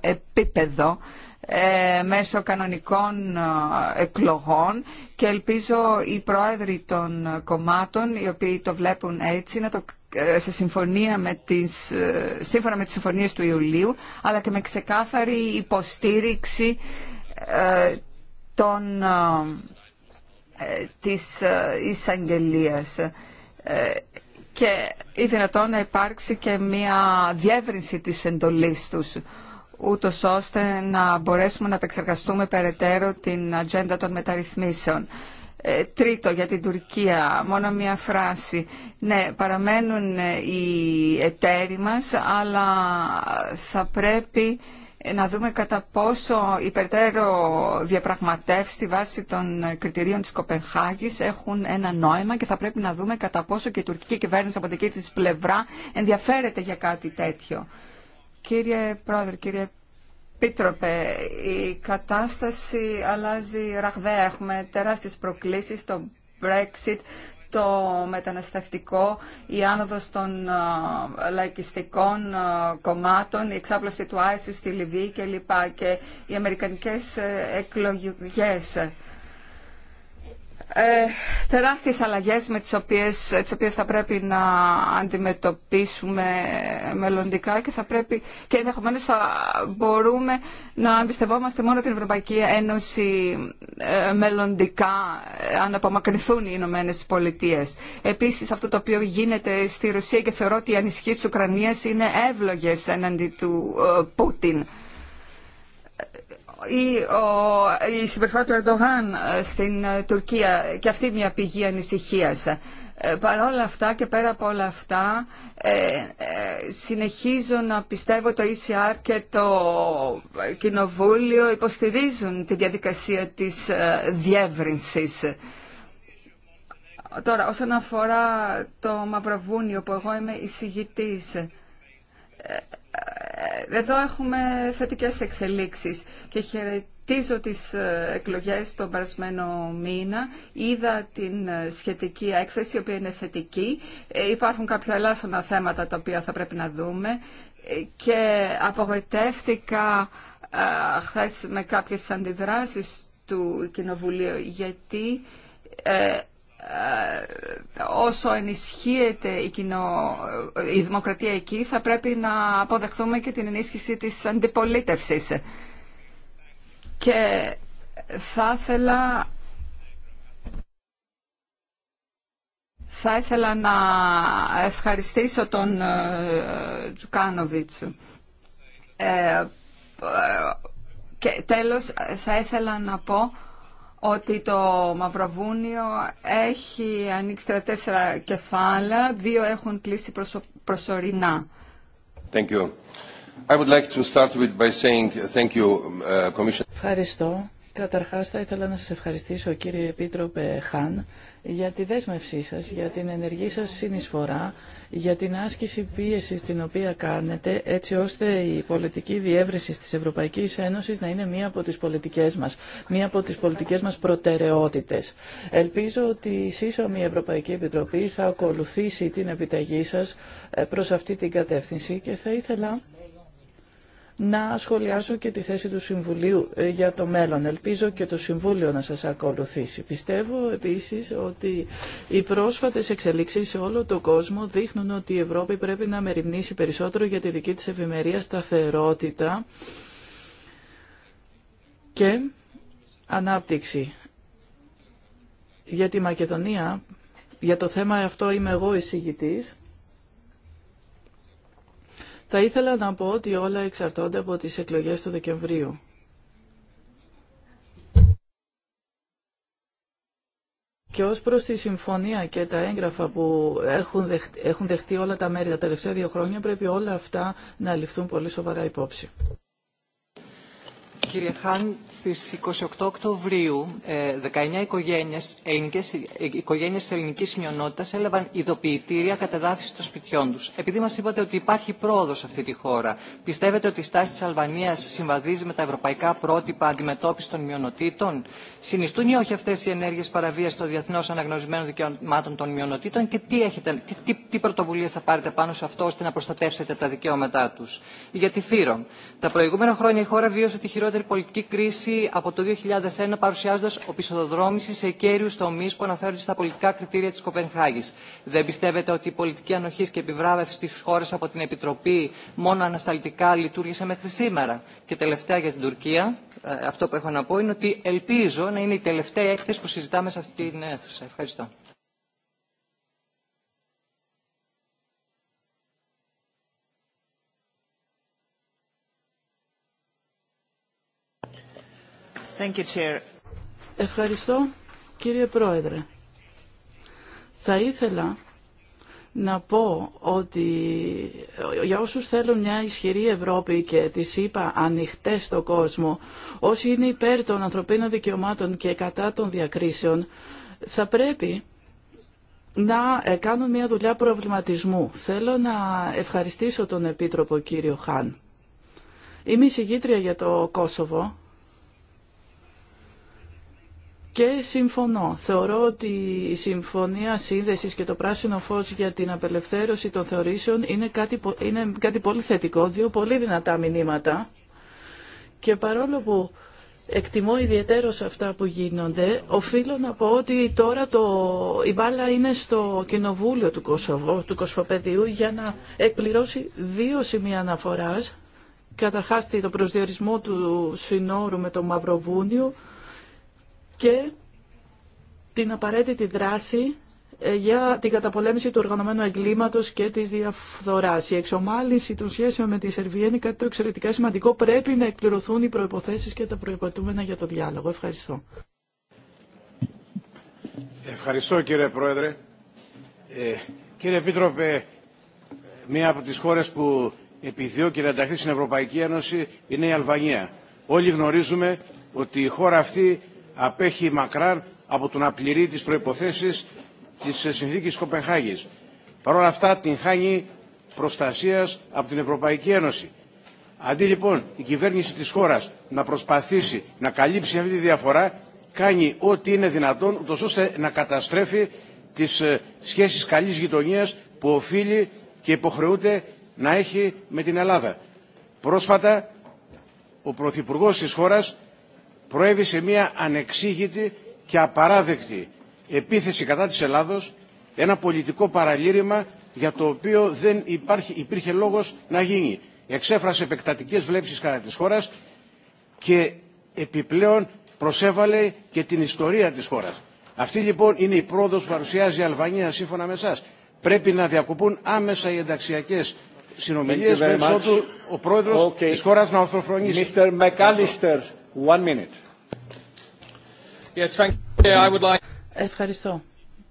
S3: επίπεδο ε, μέσω κανονικών ε, εκλογών και ελπίζω οι πρόεδροι των κομμάτων οι οποίοι το βλέπουν έτσι να το ε, σε συμφωνία με τις, ε, σύμφωνα με τις συμφωνίες του Ιουλίου, αλλά και με ξεκάθαρη υποστήριξη ε, των, της εισαγγελία και ή δυνατόν να υπάρξει και μια διεύρυνση της εντολής τους ούτω ώστε να μπορέσουμε να επεξεργαστούμε περαιτέρω την ατζέντα των μεταρρυθμίσεων. Ε, τρίτο για την Τουρκία, μόνο μια φράση. Ναι, παραμένουν ε, οι εταίροι μας, αλλά θα πρέπει να δούμε κατά πόσο υπερτέρω διαπραγματεύσει διαπραγματεύσεις στη βάση των κριτηρίων της Κοπενχάγης έχουν ένα νόημα και θα πρέπει να δούμε κατά πόσο και η τουρκική κυβέρνηση από την δική της πλευρά ενδιαφέρεται για κάτι τέτοιο. Κύριε Πρόεδρε, κύριε Επίτροπε, η κατάσταση αλλάζει ραγδαία. Έχουμε τεράστιες προκλήσεις, το Brexit, το μεταναστευτικό, η άνοδος των λαϊκιστικών κομμάτων, η εξάπλωση του ISIS στη Λιβύη κλπ. και οι αμερικανικές ε, εκλογές ε, τεράστιες αλλαγές με τις οποίες, θα πρέπει να αντιμετωπίσουμε μελλοντικά και θα πρέπει και ενδεχομένως θα μπορούμε να εμπιστευόμαστε μόνο την Ευρωπαϊκή Ένωση ε, μελλοντικά αν απομακρυνθούν οι Ηνωμένε Πολιτείε. Επίσης αυτό το οποίο γίνεται στη Ρωσία και θεωρώ ότι οι ανισχύσεις της Ουκρανίας είναι εύλογες εναντί του ε, Πούτιν ή ο, η συμπεριφορά του Ερντογάν ε, στην ε, Τουρκία και αυτή μια πηγή ανησυχίας. Ε, Παρ' όλα αυτά και πέρα από όλα αυτά ε, συνεχίζω να πιστεύω το ECR και το Κοινοβούλιο υποστηρίζουν τη διαδικασία της διεύρυνσης. Τώρα, όσον αφορά το Μαυροβούνιο που εγώ είμαι εισηγητής, εδώ έχουμε θετικές εξελίξεις και χαιρετίζω τις ε, εκλογές τον περασμένο μήνα. Είδα την ε, σχετική έκθεση, η οποία είναι θετική. Ε, υπάρχουν κάποια ελάσσονα θέματα τα οποία θα πρέπει να δούμε και απογοητεύτηκα χθε με κάποιες αντιδράσεις του Κοινοβουλίου γιατί ε, όσο ενισχύεται η, δημοκρατία εκεί θα πρέπει να αποδεχθούμε και την ενίσχυση της αντιπολίτευσης. Και θα ήθελα... Θα ήθελα να ευχαριστήσω τον ε, Τζουκάνοβιτς. Ε, και τέλος θα ήθελα να πω ότι το Μαυροβούνιο έχει ανοίξει τα τέσσερα κεφάλαια, δύο έχουν κλείσει προσω... προσωρινά.
S1: Thank you. I would like to start with by saying thank you, uh, Commission.
S4: Ευχαριστώ. Καταρχάς θα ήθελα να σας ευχαριστήσω κύριε Επίτροπε Χάν για τη δέσμευσή σας, για την ενεργή σας συνεισφορά, για την άσκηση πίεσης την οποία κάνετε έτσι ώστε η πολιτική διεύρυνση της Ευρωπαϊκής Ένωσης να είναι μία από τις πολιτικές μας, μία από τις πολιτικές μας προτεραιότητες. Ελπίζω ότι η σύσσωμη Ευρωπαϊκή Επιτροπή θα ακολουθήσει την επιταγή σας ε, προς αυτή την κατεύθυνση και θα ήθελα να σχολιάσω και τη θέση του Συμβουλίου ε, για το μέλλον. Ελπίζω και το Συμβούλιο να σας ακολουθήσει. Πιστεύω επίσης ότι οι πρόσφατες εξελίξεις σε όλο τον κόσμο δείχνουν ότι η Ευρώπη πρέπει να μεριμνήσει περισσότερο για τη δική της ευημερία σταθερότητα και ανάπτυξη. Για τη Μακεδονία, για το θέμα αυτό είμαι εγώ εισηγητής, θα ήθελα να πω ότι όλα εξαρτώνται από τις εκλογές του Δεκεμβρίου. Και ως προς τη συμφωνία και τα έγγραφα που έχουν δεχτεί, έχουν δεχτεί όλα τα μέρη τα τελευταία δύο χρόνια, πρέπει όλα αυτά να ληφθούν πολύ σοβαρά υπόψη.
S5: Κύριε Χάν, στις 28 Οκτωβρίου 19 ε, οικογένειες, ελληνικές, οικογένειες ελληνικής μειονότητας έλαβαν ειδοποιητήρια κατεδάφιση των σπιτιών τους. Επειδή μας είπατε ότι υπάρχει πρόοδος σε αυτή τη χώρα, πιστεύετε ότι η στάση της Αλβανίας συμβαδίζει με τα ευρωπαϊκά πρότυπα αντιμετώπιση των μειονοτήτων. Συνιστούν ή όχι αυτές οι ενέργειες παραβίας των διεθνώς αναγνωρισμένων δικαιωμάτων των μειονοτήτων και τι, έχετε, τι, πρωτοβουλίες θα πάρετε πάνω σε αυτό ώστε να προστατεύσετε τα δικαιώματά τους. Γιατί φύρω, Τα προηγούμενα χρόνια η χώρα βίωσε τη χειρότερη πολιτική κρίση από το 2001 παρουσιάζοντα οπισθοδρόμηση σε κέριου τομείς που αναφέρονται στα πολιτικά κριτήρια της Κοπενχάγη. Δεν πιστεύετε ότι η πολιτική ανοχή και επιβράβευση στις χώρες από την Επιτροπή μόνο ανασταλτικά λειτουργήσε μέχρι σήμερα. Και τελευταία για την Τουρκία, ε, αυτό που έχω να πω είναι ότι ελπίζω να είναι η τελευταία έκθεση που συζητάμε σε αυτή την αίθουσα. Ευχαριστώ.
S4: Ευχαριστώ, κύριε Πρόεδρε. Θα ήθελα να πω ότι για όσους θέλουν μια ισχυρή Ευρώπη και τις είπα ανοιχτέ στον κόσμο, όσοι είναι υπέρ των ανθρωπίνων δικαιωμάτων και κατά των διακρίσεων, θα πρέπει να ε, κάνουν μια δουλειά προβληματισμού. Θέλω να ευχαριστήσω τον Επίτροπο κύριο Χάν. Είμαι εισηγήτρια για το Κόσοβο και συμφωνώ. Θεωρώ ότι η συμφωνία σύνδεσης και το πράσινο φως για την απελευθέρωση των θεωρήσεων είναι κάτι, είναι κάτι πολύ θετικό, δύο πολύ δυνατά μηνύματα. Και παρόλο που εκτιμώ ιδιαίτερο αυτά που γίνονται, οφείλω να πω ότι τώρα το, η μπάλα είναι στο κοινοβούλιο του Κωσοβό, του Κοσφοπεδίου, για να εκπληρώσει δύο σημεία αναφοράς. Καταρχάς το προσδιορισμό του συνόρου με το Μαυροβούνιο και την απαραίτητη δράση ε, για την καταπολέμηση του οργανωμένου εγκλήματος και της διαφθοράς. Η εξομάλυνση των σχέσεων με τη Σερβία είναι κάτι το εξαιρετικά σημαντικό. Πρέπει να εκπληρωθούν οι προϋποθέσεις και τα προϋπατούμενα για το διάλογο. Ευχαριστώ.
S1: Ευχαριστώ κύριε Πρόεδρε. Ε, κύριε Επίτροπε, μία από τις χώρες που επιδιώκει να ενταχθεί στην Ευρωπαϊκή Ένωση είναι η Αλβανία. Όλοι γνωρίζουμε ότι η χώρα αυτή απέχει μακράν από το να πληρεί τις προϋποθέσεις της ε, συνθήκης Κοπενχάγης. Παρ' όλα αυτά την χάνει προστασίας από την Ευρωπαϊκή Ένωση. Αντί λοιπόν η κυβέρνηση της χώρας να προσπαθήσει να καλύψει αυτή τη διαφορά, κάνει ό,τι είναι δυνατόν, ούτως ώστε να καταστρέφει τις ε, σχέσεις καλής γειτονίας που οφείλει και υποχρεούται να έχει με την Ελλάδα. Πρόσφατα, ο Πρωθυπουργός της χώρας προέβη σε μια ανεξήγητη και απαράδεκτη επίθεση κατά της Ελλάδος, ένα πολιτικό παραλήρημα για το οποίο δεν υπάρχει, υπήρχε λόγος να γίνει. Εξέφρασε επεκτατικές βλέψεις κατά της χώρας και επιπλέον προσέβαλε και την ιστορία της χώρας. Αυτή λοιπόν είναι η πρόοδος που παρουσιάζει η Αλβανία σύμφωνα με εσά. Πρέπει να διακοπούν άμεσα οι ενταξιακές συνομιλίες μέχρι ο πρόεδρος okay. της χώρας να ορθοφρονήσει. One minute. Yes, thank you. I would like...
S4: Ευχαριστώ.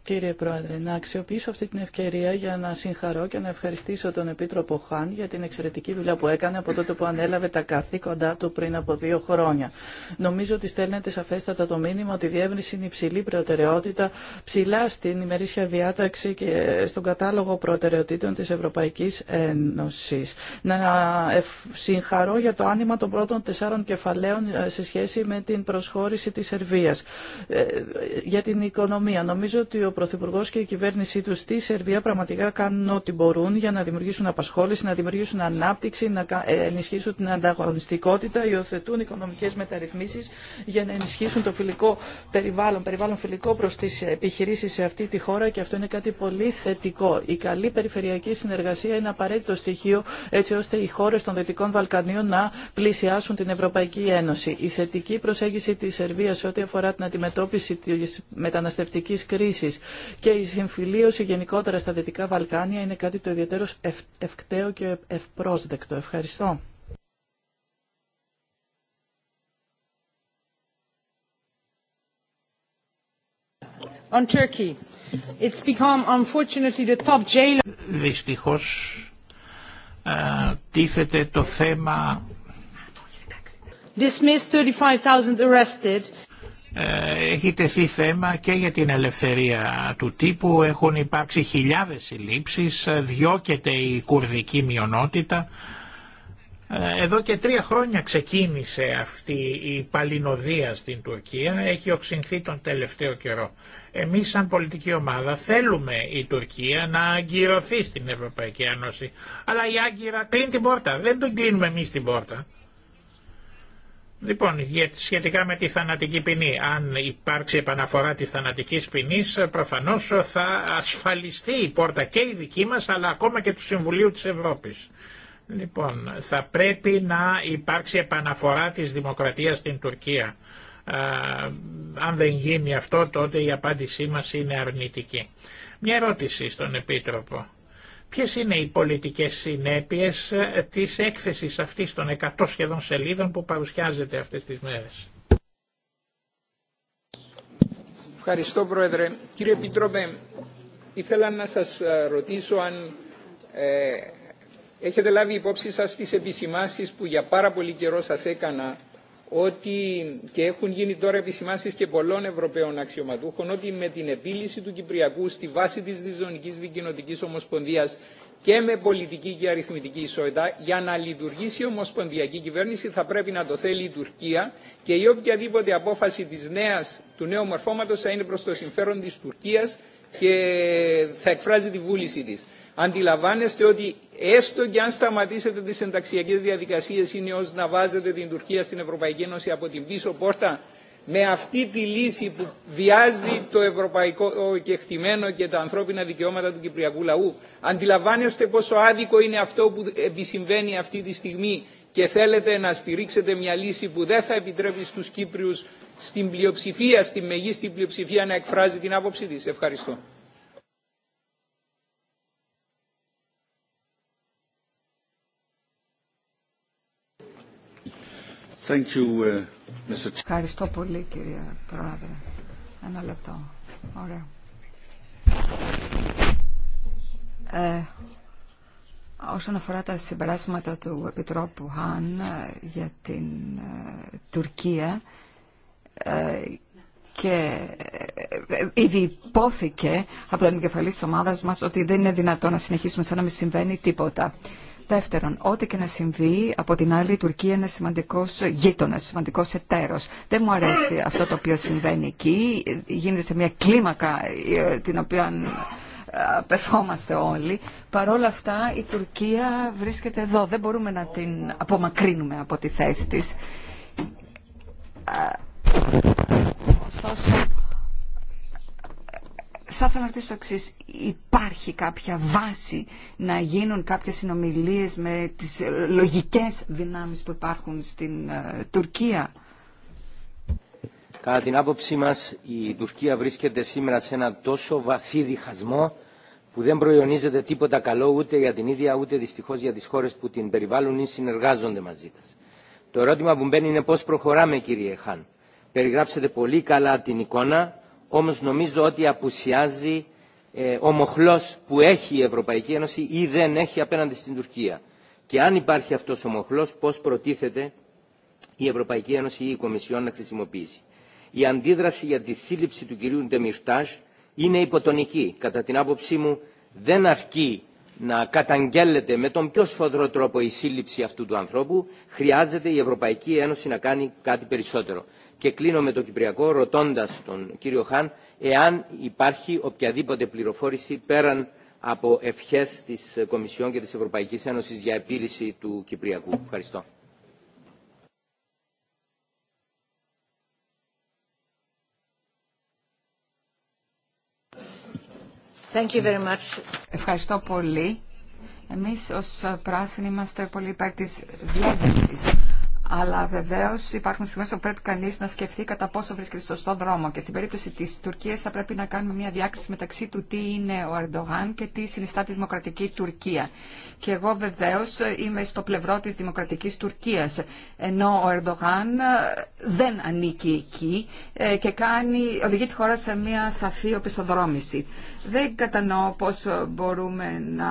S4: Κύριε Πρόεδρε, να αξιοποιήσω αυτή την ευκαιρία για να συγχαρώ και να ευχαριστήσω τον Επίτροπο Χάν για την εξαιρετική δουλειά που έκανε από τότε που ανέλαβε τα καθήκοντά του πριν από δύο χρόνια. Νομίζω ότι στέλνετε σαφέστατα το μήνυμα ότι η διεύρυνση είναι υψηλή προτεραιότητα, ψηλά στην ημερήσια διάταξη και στον κατάλογο προτεραιοτήτων τη Ευρωπαϊκή Ένωση. Να συγχαρώ για το άνοιγμα των πρώτων τεσσάρων κεφαλαίων ε, σε σχέση με την προσχώρηση τη Σερβία. Ε, για την οικονομία, νομίζω ότι ο Πρωθυπουργό και η κυβέρνησή του στη Σερβία πραγματικά κάνουν ό,τι μπορούν για να δημιουργήσουν απασχόληση, να δημιουργήσουν ανάπτυξη, να ε, ενισχύσουν την ανταγωνιστικότητα, υιοθετούν οικονομικέ μεταρρυθμίσει για να ενισχύσουν το φιλικό περιβάλλον, περιβάλλον φιλικό προ τι επιχειρήσει σε αυτή τη χώρα και αυτό είναι κάτι πολύ θετικό. Η καλή περιφερειακή συνεργασία είναι απαραίτητο στοιχείο έτσι ώστε οι χώρε των Δυτικών Βαλκανίων να πλησιάσουν την Ευρωπαϊκή Ένωση. Η θετική προσέγγιση τη Σερβία σε ό,τι αφορά την αντιμετώπιση τη μεταναστευτική κρίση και η συμφιλίωση γενικότερα στα Δυτικά Βαλκάνια είναι κάτι το ιδιαίτερο ευ ευκταίο και ευπρόσδεκτο. Ευχαριστώ.
S3: On Turkey. It's become, unfortunately, the top jail...
S2: Δυστυχώς ε, τίθεται το θέμα
S3: Dismissed 35.000 arrested.
S2: Ε, έχει τεθεί θέμα και για την ελευθερία του τύπου, έχουν υπάρξει χιλιάδες συλλήψεις, διώκεται η κουρδική μειονότητα. Ε, εδώ και τρία χρόνια ξεκίνησε αυτή η παλινοδία στην Τουρκία, έχει οξυνθεί τον τελευταίο καιρό. Εμείς σαν πολιτική ομάδα θέλουμε η Τουρκία να αγκυρωθεί στην Ευρωπαϊκή Ένωση, αλλά η Άγκυρα κλείνει την πόρτα, δεν τον κλείνουμε εμείς την πόρτα. Λοιπόν, σχετικά με τη θανατική ποινή, αν υπάρξει επαναφορά της θανατικής ποινή, προφανώς θα ασφαλιστεί η πόρτα και η δική μας, αλλά ακόμα και του Συμβουλίου της Ευρώπης. Λοιπόν, θα πρέπει να υπάρξει επαναφορά της δημοκρατίας στην Τουρκία. Α, αν δεν γίνει αυτό, τότε η απάντησή μας είναι αρνητική. Μια ερώτηση στον Επίτροπο. Ποιες είναι οι πολιτικές συνέπειες ε, της έκθεσης αυτής των 100 σχεδόν σελίδων που παρουσιάζεται αυτές τις μέρες. Ευχαριστώ
S6: Πρόεδρε. Κύριε Επιτρόπε, ήθελα να σας ε, ρωτήσω αν ε, έχετε λάβει υπόψη σας τις επισημάσεις που για πάρα πολύ καιρό σας έκανα ότι, και έχουν γίνει τώρα επισημάνσεις και πολλών Ευρωπαίων αξιωματούχων ότι με την επίλυση του Κυπριακού στη βάση της Διζωνικής Δικοινοτικής Ομοσπονδίας και με πολιτική και αριθμητική ισότητα, για να λειτουργήσει η Ομοσπονδιακή Κυβέρνηση θα πρέπει να το θέλει η Τουρκία και η οποιαδήποτε απόφαση της νέας, του νέου μορφώματο θα είναι προ το συμφέρον τη Τουρκία και θα εκφράζει τη βούλησή της αντιλαμβάνεστε ότι έστω και αν σταματήσετε τις ενταξιακέ διαδικασίες είναι ως να βάζετε την Τουρκία στην Ευρωπαϊκή Ένωση από την πίσω πόρτα με αυτή τη λύση που βιάζει το ευρωπαϊκό κεκτημένο και τα ανθρώπινα δικαιώματα του Κυπριακού λαού. Αντιλαμβάνεστε πόσο άδικο είναι αυτό που επισυμβαίνει αυτή τη στιγμή και θέλετε να στηρίξετε μια λύση που δεν θα επιτρέπει στους Κύπριους στην πλειοψηφία, στη μεγίστη πλειοψηφία να εκφράζει την άποψή τη. Ευχαριστώ. Uh,
S3: Ευχαριστώ πολύ κύριε Πρόεδρε. Ένα λεπτό. Ωραία. Ε, όσον αφορά τα συμπεράσματα του Επιτρόπου Χάν ε, για την ε, Τουρκία και ήδη υπόθηκε από τον κεφαλή της ομάδας μας ότι δεν είναι δυνατόν να συνεχίσουμε σαν να μην συμβαίνει τίποτα. Δεύτερον, ό,τι και να συμβεί, από την άλλη η Τουρκία είναι σημαντικός γείτονας, σημαντικός εταίρος. Δεν μου αρέσει αυτό το οποίο συμβαίνει εκεί, γίνεται σε μια κλίμακα ε, την οποία ε, απευχόμαστε όλοι. Παρ' όλα αυτά η Τουρκία βρίσκεται εδώ, δεν μπορούμε να την απομακρύνουμε από τη θέση της. Θα ήθελα να ρωτήσω το εξή. Υπάρχει κάποια βάση να γίνουν κάποιες συνομιλίες με τις λογικές δυνάμεις που υπάρχουν στην ε, Τουρκία.
S5: Κατά την άποψή μας η Τουρκία βρίσκεται σήμερα σε ένα τόσο βαθύ διχασμό που δεν προϊονίζεται τίποτα καλό ούτε για την ίδια ούτε δυστυχώ για τι χώρε που την περιβάλλουν ή συνεργάζονται μαζί τη. Το ερώτημα που μπαίνει είναι πώ προχωράμε, κύριε Χάν. Περιγράψετε πολύ καλά την εικόνα, όμως νομίζω ότι απουσιάζει ε, ο μοχλός που έχει η Ευρωπαϊκή Ένωση ή δεν έχει απέναντι στην Τουρκία. Και αν υπάρχει αυτός ο μοχλός, πώς προτίθεται η Ευρωπαϊκή Ένωση ή η Κομισιόν να χρησιμοποιήσει. Η αντίδραση για τη σύλληψη του κυρίου Ντεμιρτάζ είναι υποτονική. Κατά την άποψή μου δεν αρκεί να καταγγέλλεται με τον πιο σφοδρό τρόπο η σύλληψη αυτού του ανθρώπου, χρειάζεται η Ευρωπαϊκή Ένωση να κάνει κάτι περισσότερο. Και κλείνω με το Κυπριακό ρωτώντα τον κύριο Χάν εάν υπάρχει οποιαδήποτε πληροφόρηση πέραν από ευχέ τη Κομισιόν και τη Ευρωπαϊκή Ένωση για επίλυση του Κυπριακού. Ευχαριστώ.
S3: Thank you very much. Ευχαριστώ πολύ. Εμείς ως πράσινοι είμαστε πολύ υπέρ της διεύθυνσης αλλά βεβαίω υπάρχουν στιγμέ που πρέπει κανεί να σκεφτεί κατά πόσο βρίσκεται στο σωστό δρόμο. Και στην περίπτωση τη Τουρκία θα πρέπει να κάνουμε μια διάκριση μεταξύ του τι είναι ο Ερντογάν και τι συνιστά τη δημοκρατική Τουρκία. Και εγώ βεβαίω είμαι στο πλευρό τη δημοκρατική Τουρκία. Ενώ ο Ερντογάν ε, δεν ανήκει εκεί ε, και κάνει, οδηγεί τη χώρα σε μια σαφή οπισθοδρόμηση. Δεν κατανοώ πώ μπορούμε να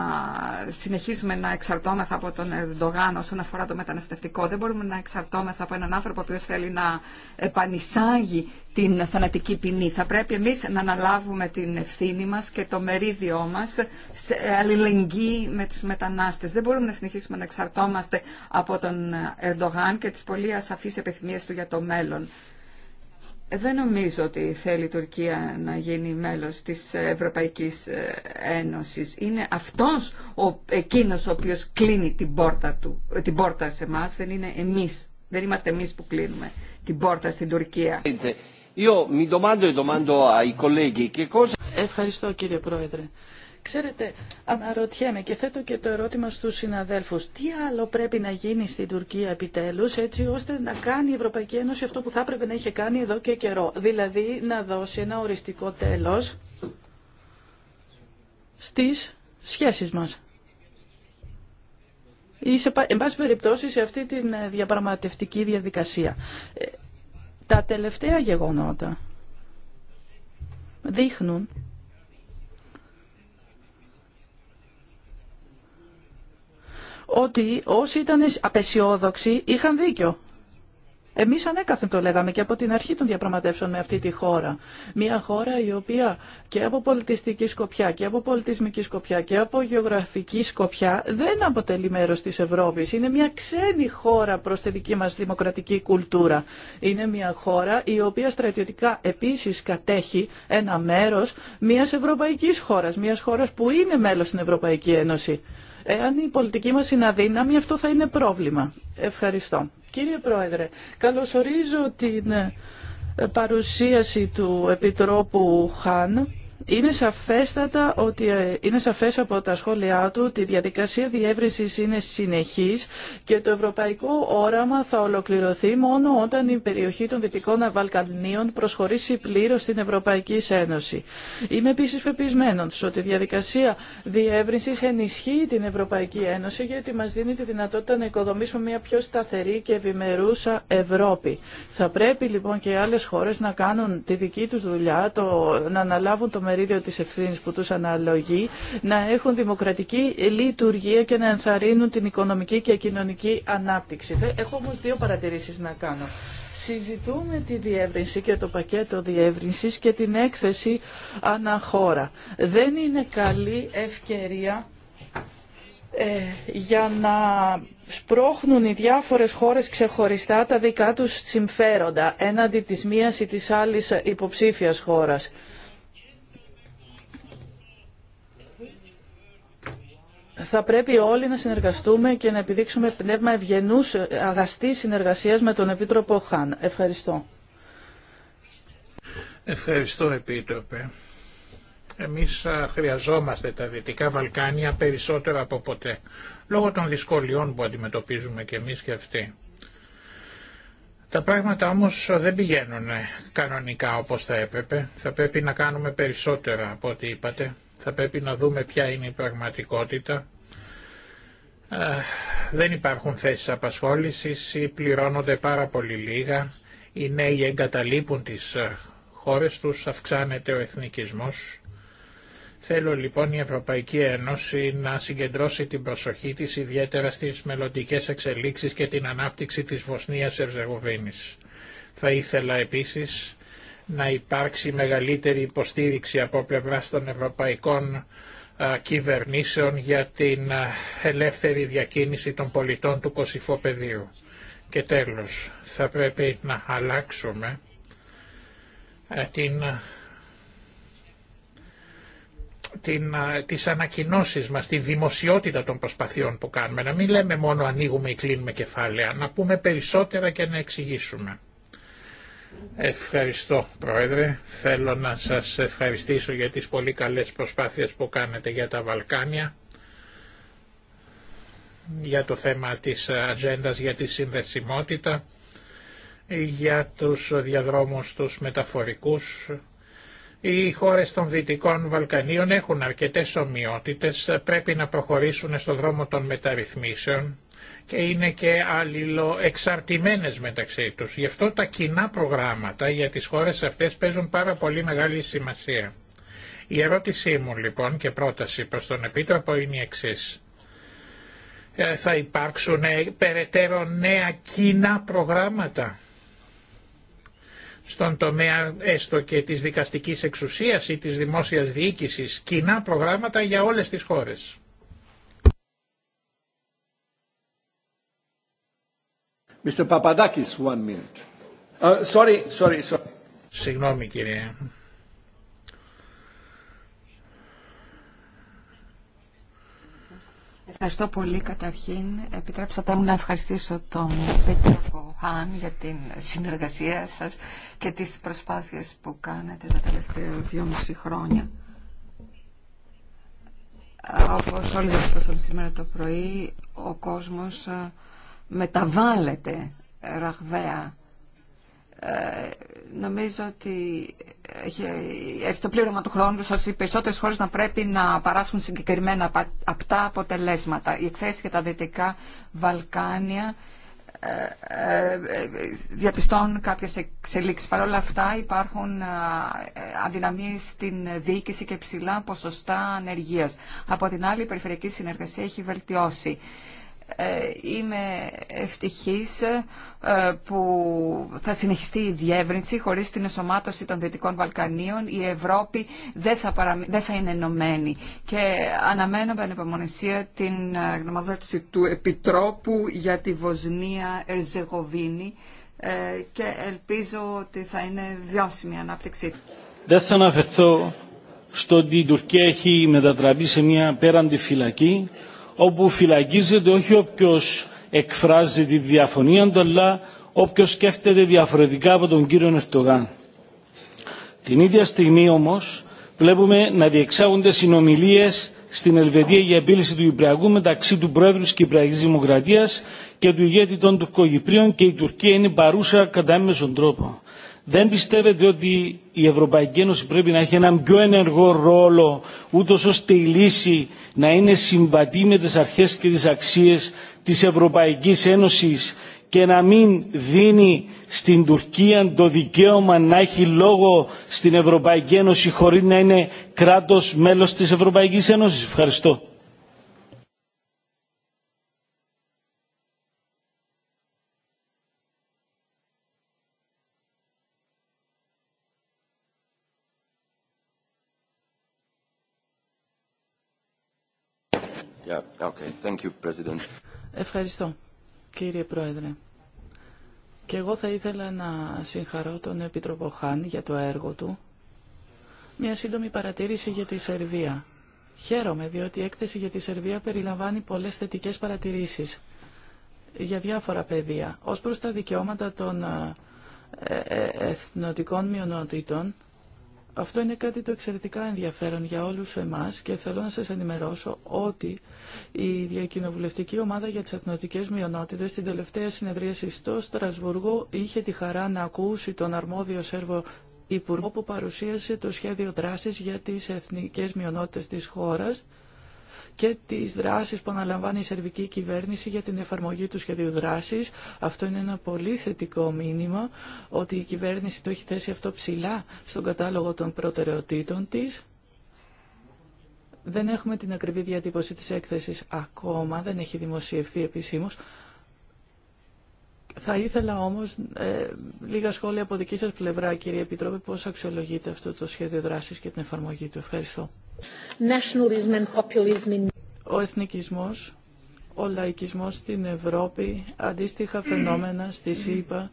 S3: συνεχίσουμε να εξαρτώμεθα από τον Ερντογάν όσον αφορά το μεταναστευτικό. Δεν μπορούμε να εξαρτώμεθα από έναν άνθρωπο ο οποίος θέλει να επανισάγει την θανατική ποινή. Θα πρέπει εμείς να αναλάβουμε την ευθύνη μας και το μερίδιό μας σε αλληλεγγύη με τους μετανάστες. Δεν μπορούμε να συνεχίσουμε να εξαρτώμαστε από τον Ερντογάν και τις πολύ ασαφείς επιθυμίες του για το μέλλον. Δεν νομίζω ότι θέλει η Τουρκία να γίνει μέλος της Ευρωπαϊκής ε, Ένωσης. Είναι αυτός ο, εκείνος ο οποίος κλείνει την πόρτα, του, ε, την πόρτα σε εμά, δεν είναι εμείς. Δεν είμαστε εμείς που κλείνουμε την πόρτα στην Τουρκία.
S5: E
S4: Ευχαριστώ κύριε Πρόεδρε. Ξέρετε, αναρωτιέμαι και θέτω και το ερώτημα στους συναδέλφους. Τι άλλο πρέπει να γίνει στην Τουρκία επιτέλους έτσι ώστε να κάνει η Ευρωπαϊκή Ένωση αυτό που θα έπρεπε να είχε κάνει εδώ και καιρό. Δηλαδή να δώσει ένα οριστικό τέλος στις σχέσεις μας. Ή σε, εν πάση περιπτώσει σε αυτή τη ε, διαπραγματευτική διαδικασία. Ε, τα τελευταία γεγονότα δείχνουν ότι όσοι ήταν απεσιόδοξοι είχαν δίκιο. Εμεί ανέκαθεν το λέγαμε και από την αρχή των διαπραγματεύσεων με αυτή τη χώρα. Μια χώρα η οποία και από πολιτιστική σκοπιά και από πολιτισμική σκοπιά και από γεωγραφική σκοπιά δεν αποτελεί μέρο τη Ευρώπη. Είναι μια ξένη χώρα προ τη δική μα δημοκρατική κουλτούρα. Είναι μια χώρα η οποία στρατιωτικά επίση κατέχει ένα μέρο μια ευρωπαϊκή χώρα. Μια χώρα που είναι μέλο στην Ευρωπαϊκή Ένωση. Εάν η πολιτική μας είναι αδύναμη, αυτό θα είναι πρόβλημα. Ευχαριστώ. Κύριε Πρόεδρε, καλωσορίζω την παρουσίαση του Επιτρόπου Χάν είναι σαφέστατα ότι ε, είναι σαφές από τα σχόλιά του ότι η διαδικασία διεύρυνσης είναι συνεχής και το ευρωπαϊκό όραμα θα ολοκληρωθεί μόνο όταν η περιοχή των Δυτικών Βαλκανίων προσχωρήσει πλήρως στην Ευρωπαϊκή Ένωση. Είμαι επίσης πεπισμένος ότι η διαδικασία διεύρυνσης ενισχύει την Ευρωπαϊκή Ένωση γιατί μας δίνει τη δυνατότητα να οικοδομήσουμε μια πιο σταθερή και ευημερούσα Ευρώπη. Θα πρέπει λοιπόν και άλλες χώρες να κάνουν τη δική τους δουλειά, το, να αναλάβουν το μερίδιο της ευθύνης που τους αναλογεί, να έχουν δημοκρατική λειτουργία και να ενθαρρύνουν την οικονομική και κοινωνική ανάπτυξη. Έχω όμως δύο παρατηρήσεις να κάνω. Συζητούμε τη διεύρυνση και το πακέτο διεύρυνσης και την έκθεση αναχώρα. Δεν είναι καλή ευκαιρία ε, για να σπρώχνουν οι διάφορες χώρες ξεχωριστά τα δικά τους συμφέροντα έναντι της μίας ή της άλλης υποψήφιας χώρας. θα πρέπει όλοι να συνεργαστούμε και να επιδείξουμε πνεύμα ευγενούς αγαστή συνεργασίας με τον Επίτροπο Χάν. Ευχαριστώ.
S2: Ευχαριστώ Επίτροπε. Εμείς χρειαζόμαστε τα Δυτικά Βαλκάνια περισσότερο από ποτέ, λόγω των δυσκολιών που αντιμετωπίζουμε και εμείς και αυτοί. Τα πράγματα όμως δεν πηγαίνουν ε, κανονικά όπως θα έπρεπε. Θα πρέπει να κάνουμε περισσότερα από ό,τι είπατε. Θα πρέπει να δούμε ποια είναι η πραγματικότητα. Δεν υπάρχουν θέσεις απασχόλησης ή πληρώνονται πάρα πολύ λίγα. Οι νέοι εγκαταλείπουν τις ε, χώρες τους, αυξάνεται ο εθνικισμός. Θέλω λοιπόν η Ευρωπαϊκή Ένωση να συγκεντρώσει την προσοχή της ιδιαίτερα στις μελλοντικέ εξελίξεις και την ανάπτυξη της Βοσνίας Ευζεγοβίνης. Θα ήθελα επίσης να υπάρξει μεγαλύτερη υποστήριξη από πλευρά των ευρωπαϊκών κυβερνήσεων για την ελεύθερη διακίνηση των πολιτών του Κωσυφοπεδίου. Και τέλος, θα πρέπει να αλλάξουμε ε, την, την, τις ανακοινώσεις μας, τη δημοσιότητα των προσπαθειών που κάνουμε. Να μην λέμε μόνο ανοίγουμε ή κλείνουμε κεφάλαια, να πούμε περισσότερα και να εξηγήσουμε. Ευχαριστώ Πρόεδρε. Θέλω να σας ευχαριστήσω για τις πολύ καλές προσπάθειες που κάνετε για τα Βαλκάνια, για το θέμα της ατζέντα για τη συνδεσιμότητα, για τους διαδρόμους τους μεταφορικούς. Οι χώρες των Δυτικών Βαλκανίων έχουν αρκετές ομοιότητες, πρέπει να προχωρήσουν στον δρόμο των μεταρρυθμίσεων και είναι και αλληλοεξαρτημένες μεταξύ τους. Γι' αυτό τα κοινά προγράμματα για τις χώρες αυτές παίζουν πάρα πολύ μεγάλη σημασία. Η ερώτησή μου λοιπόν και πρόταση προς τον Επίτροπο είναι η εξής. Ε, θα υπάρξουν ε, περαιτέρω νέα κοινά προγράμματα στον τομέα έστω και της δικαστικής εξουσίας ή της δημόσιας διοίκησης, κοινά προγράμματα για όλες τις χώρες. Uh, Συγγνώμη κύριε.
S3: Ευχαριστώ πολύ καταρχήν. Επιτρέψατε μου να ευχαριστήσω τον Πέτρο Χάν για την συνεργασία σας και τις προσπάθειες που κάνετε τα τελευταία δυόμιση χρόνια. Όπως όλοι διαπιστώσαμε σήμερα το πρωί, ο κόσμος μεταβάλλεται ραγδαία. Ε, νομίζω ότι έχει έρθει το πλήρωμα του χρόνου ώστε οι περισσότερες χώρες να πρέπει να παράσχουν συγκεκριμένα απτά αποτελέσματα. Οι εκθέσει για τα Δυτικά Βαλκάνια ε, ε, διαπιστώνουν κάποιες εξελίξεις. Παρ' όλα αυτά υπάρχουν αδυναμίες στην διοίκηση και ψηλά ποσοστά ανεργίας. Από την άλλη η περιφερειακή συνεργασία έχει βελτιώσει ε, είμαι ευτυχής ε, που θα συνεχιστεί η διεύρυνση χωρίς την εσωμάτωση των Δυτικών Βαλκανίων η Ευρώπη δεν θα, είναι ενωμένη και αναμένω με ανεπομονησία την ε, γνωμοδότηση του Επιτρόπου για τη Βοσνία Ερζεγοβίνη και ελπίζω ότι θα είναι βιώσιμη η ανάπτυξή
S1: Δεν θα αναφερθώ στο ότι η Τουρκία έχει μετατραπεί σε μια πέραντη φυλακή όπου φυλακίζεται όχι όποιος εκφράζει τη διαφωνία του, αλλά όποιος σκέφτεται διαφορετικά από τον κύριο Ερτογάν. Την ίδια στιγμή όμως βλέπουμε να διεξάγονται συνομιλίες στην Ελβετία για επίλυση του Κυπριακού μεταξύ του Πρόεδρου της Κυπριακής Δημοκρατίας και του ηγέτη των Τουρκογυπρίων και η Τουρκία είναι παρούσα κατά έμμεσον τρόπο. Δεν πιστεύετε ότι η Ευρωπαϊκή Ένωση πρέπει να έχει έναν πιο ενεργό ρόλο ούτως ώστε η λύση να είναι συμβατή με τις αρχές και τις αξίες της Ευρωπαϊκής Ένωσης και να μην δίνει στην Τουρκία το δικαίωμα να έχει λόγο στην Ευρωπαϊκή Ένωση χωρίς να είναι κράτος μέλος της Ευρωπαϊκής Ένωσης. Ευχαριστώ.
S4: Ευχαριστώ, κύριε Πρόεδρε. Και εγώ θα ήθελα να συγχαρώ τον Επίτροπο Χάν για το έργο του. Μια σύντομη παρατήρηση για τη Σερβία. Χαίρομαι διότι η έκθεση για τη Σερβία περιλαμβάνει πολλές θετικές παρατηρήσεις για διάφορα πεδία. Ως προς τα δικαιώματα των ε, ε, εθνοτικών μειονότητων, αυτό είναι κάτι το εξαιρετικά ενδιαφέρον για όλους εμάς και θέλω να σας ενημερώσω ότι η Διακοινοβουλευτική Ομάδα για τις Εθνοτικές Μειονότητες στην τελευταία συνεδρίαση στο Στρασβουργό είχε τη χαρά να ακούσει τον αρμόδιο Σέρβο Υπουργό που παρουσίασε το σχέδιο δράσης για τις εθνικές μειονότητες της χώρας και τι δράσει που αναλαμβάνει η σερβική κυβέρνηση για την εφαρμογή του σχεδίου δράση. Αυτό είναι ένα πολύ θετικό μήνυμα ότι η κυβέρνηση το έχει θέσει αυτό ψηλά στον κατάλογο των προτεραιοτήτων τη. Δεν έχουμε την ακριβή διατύπωση της έκθεσης ακόμα, δεν έχει δημοσιευθεί επισήμως. Θα ήθελα όμως ε, λίγα σχόλια από δική σας πλευρά, κύριε Επιτρόπη, πώς αξιολογείτε αυτό το σχέδιο δράσης και την εφαρμογή του. Ευχαριστώ. Ο εθνικισμός, ο λαϊκισμός στην Ευρώπη, αντίστοιχα φαινόμενα στη ΣΥΠΑ,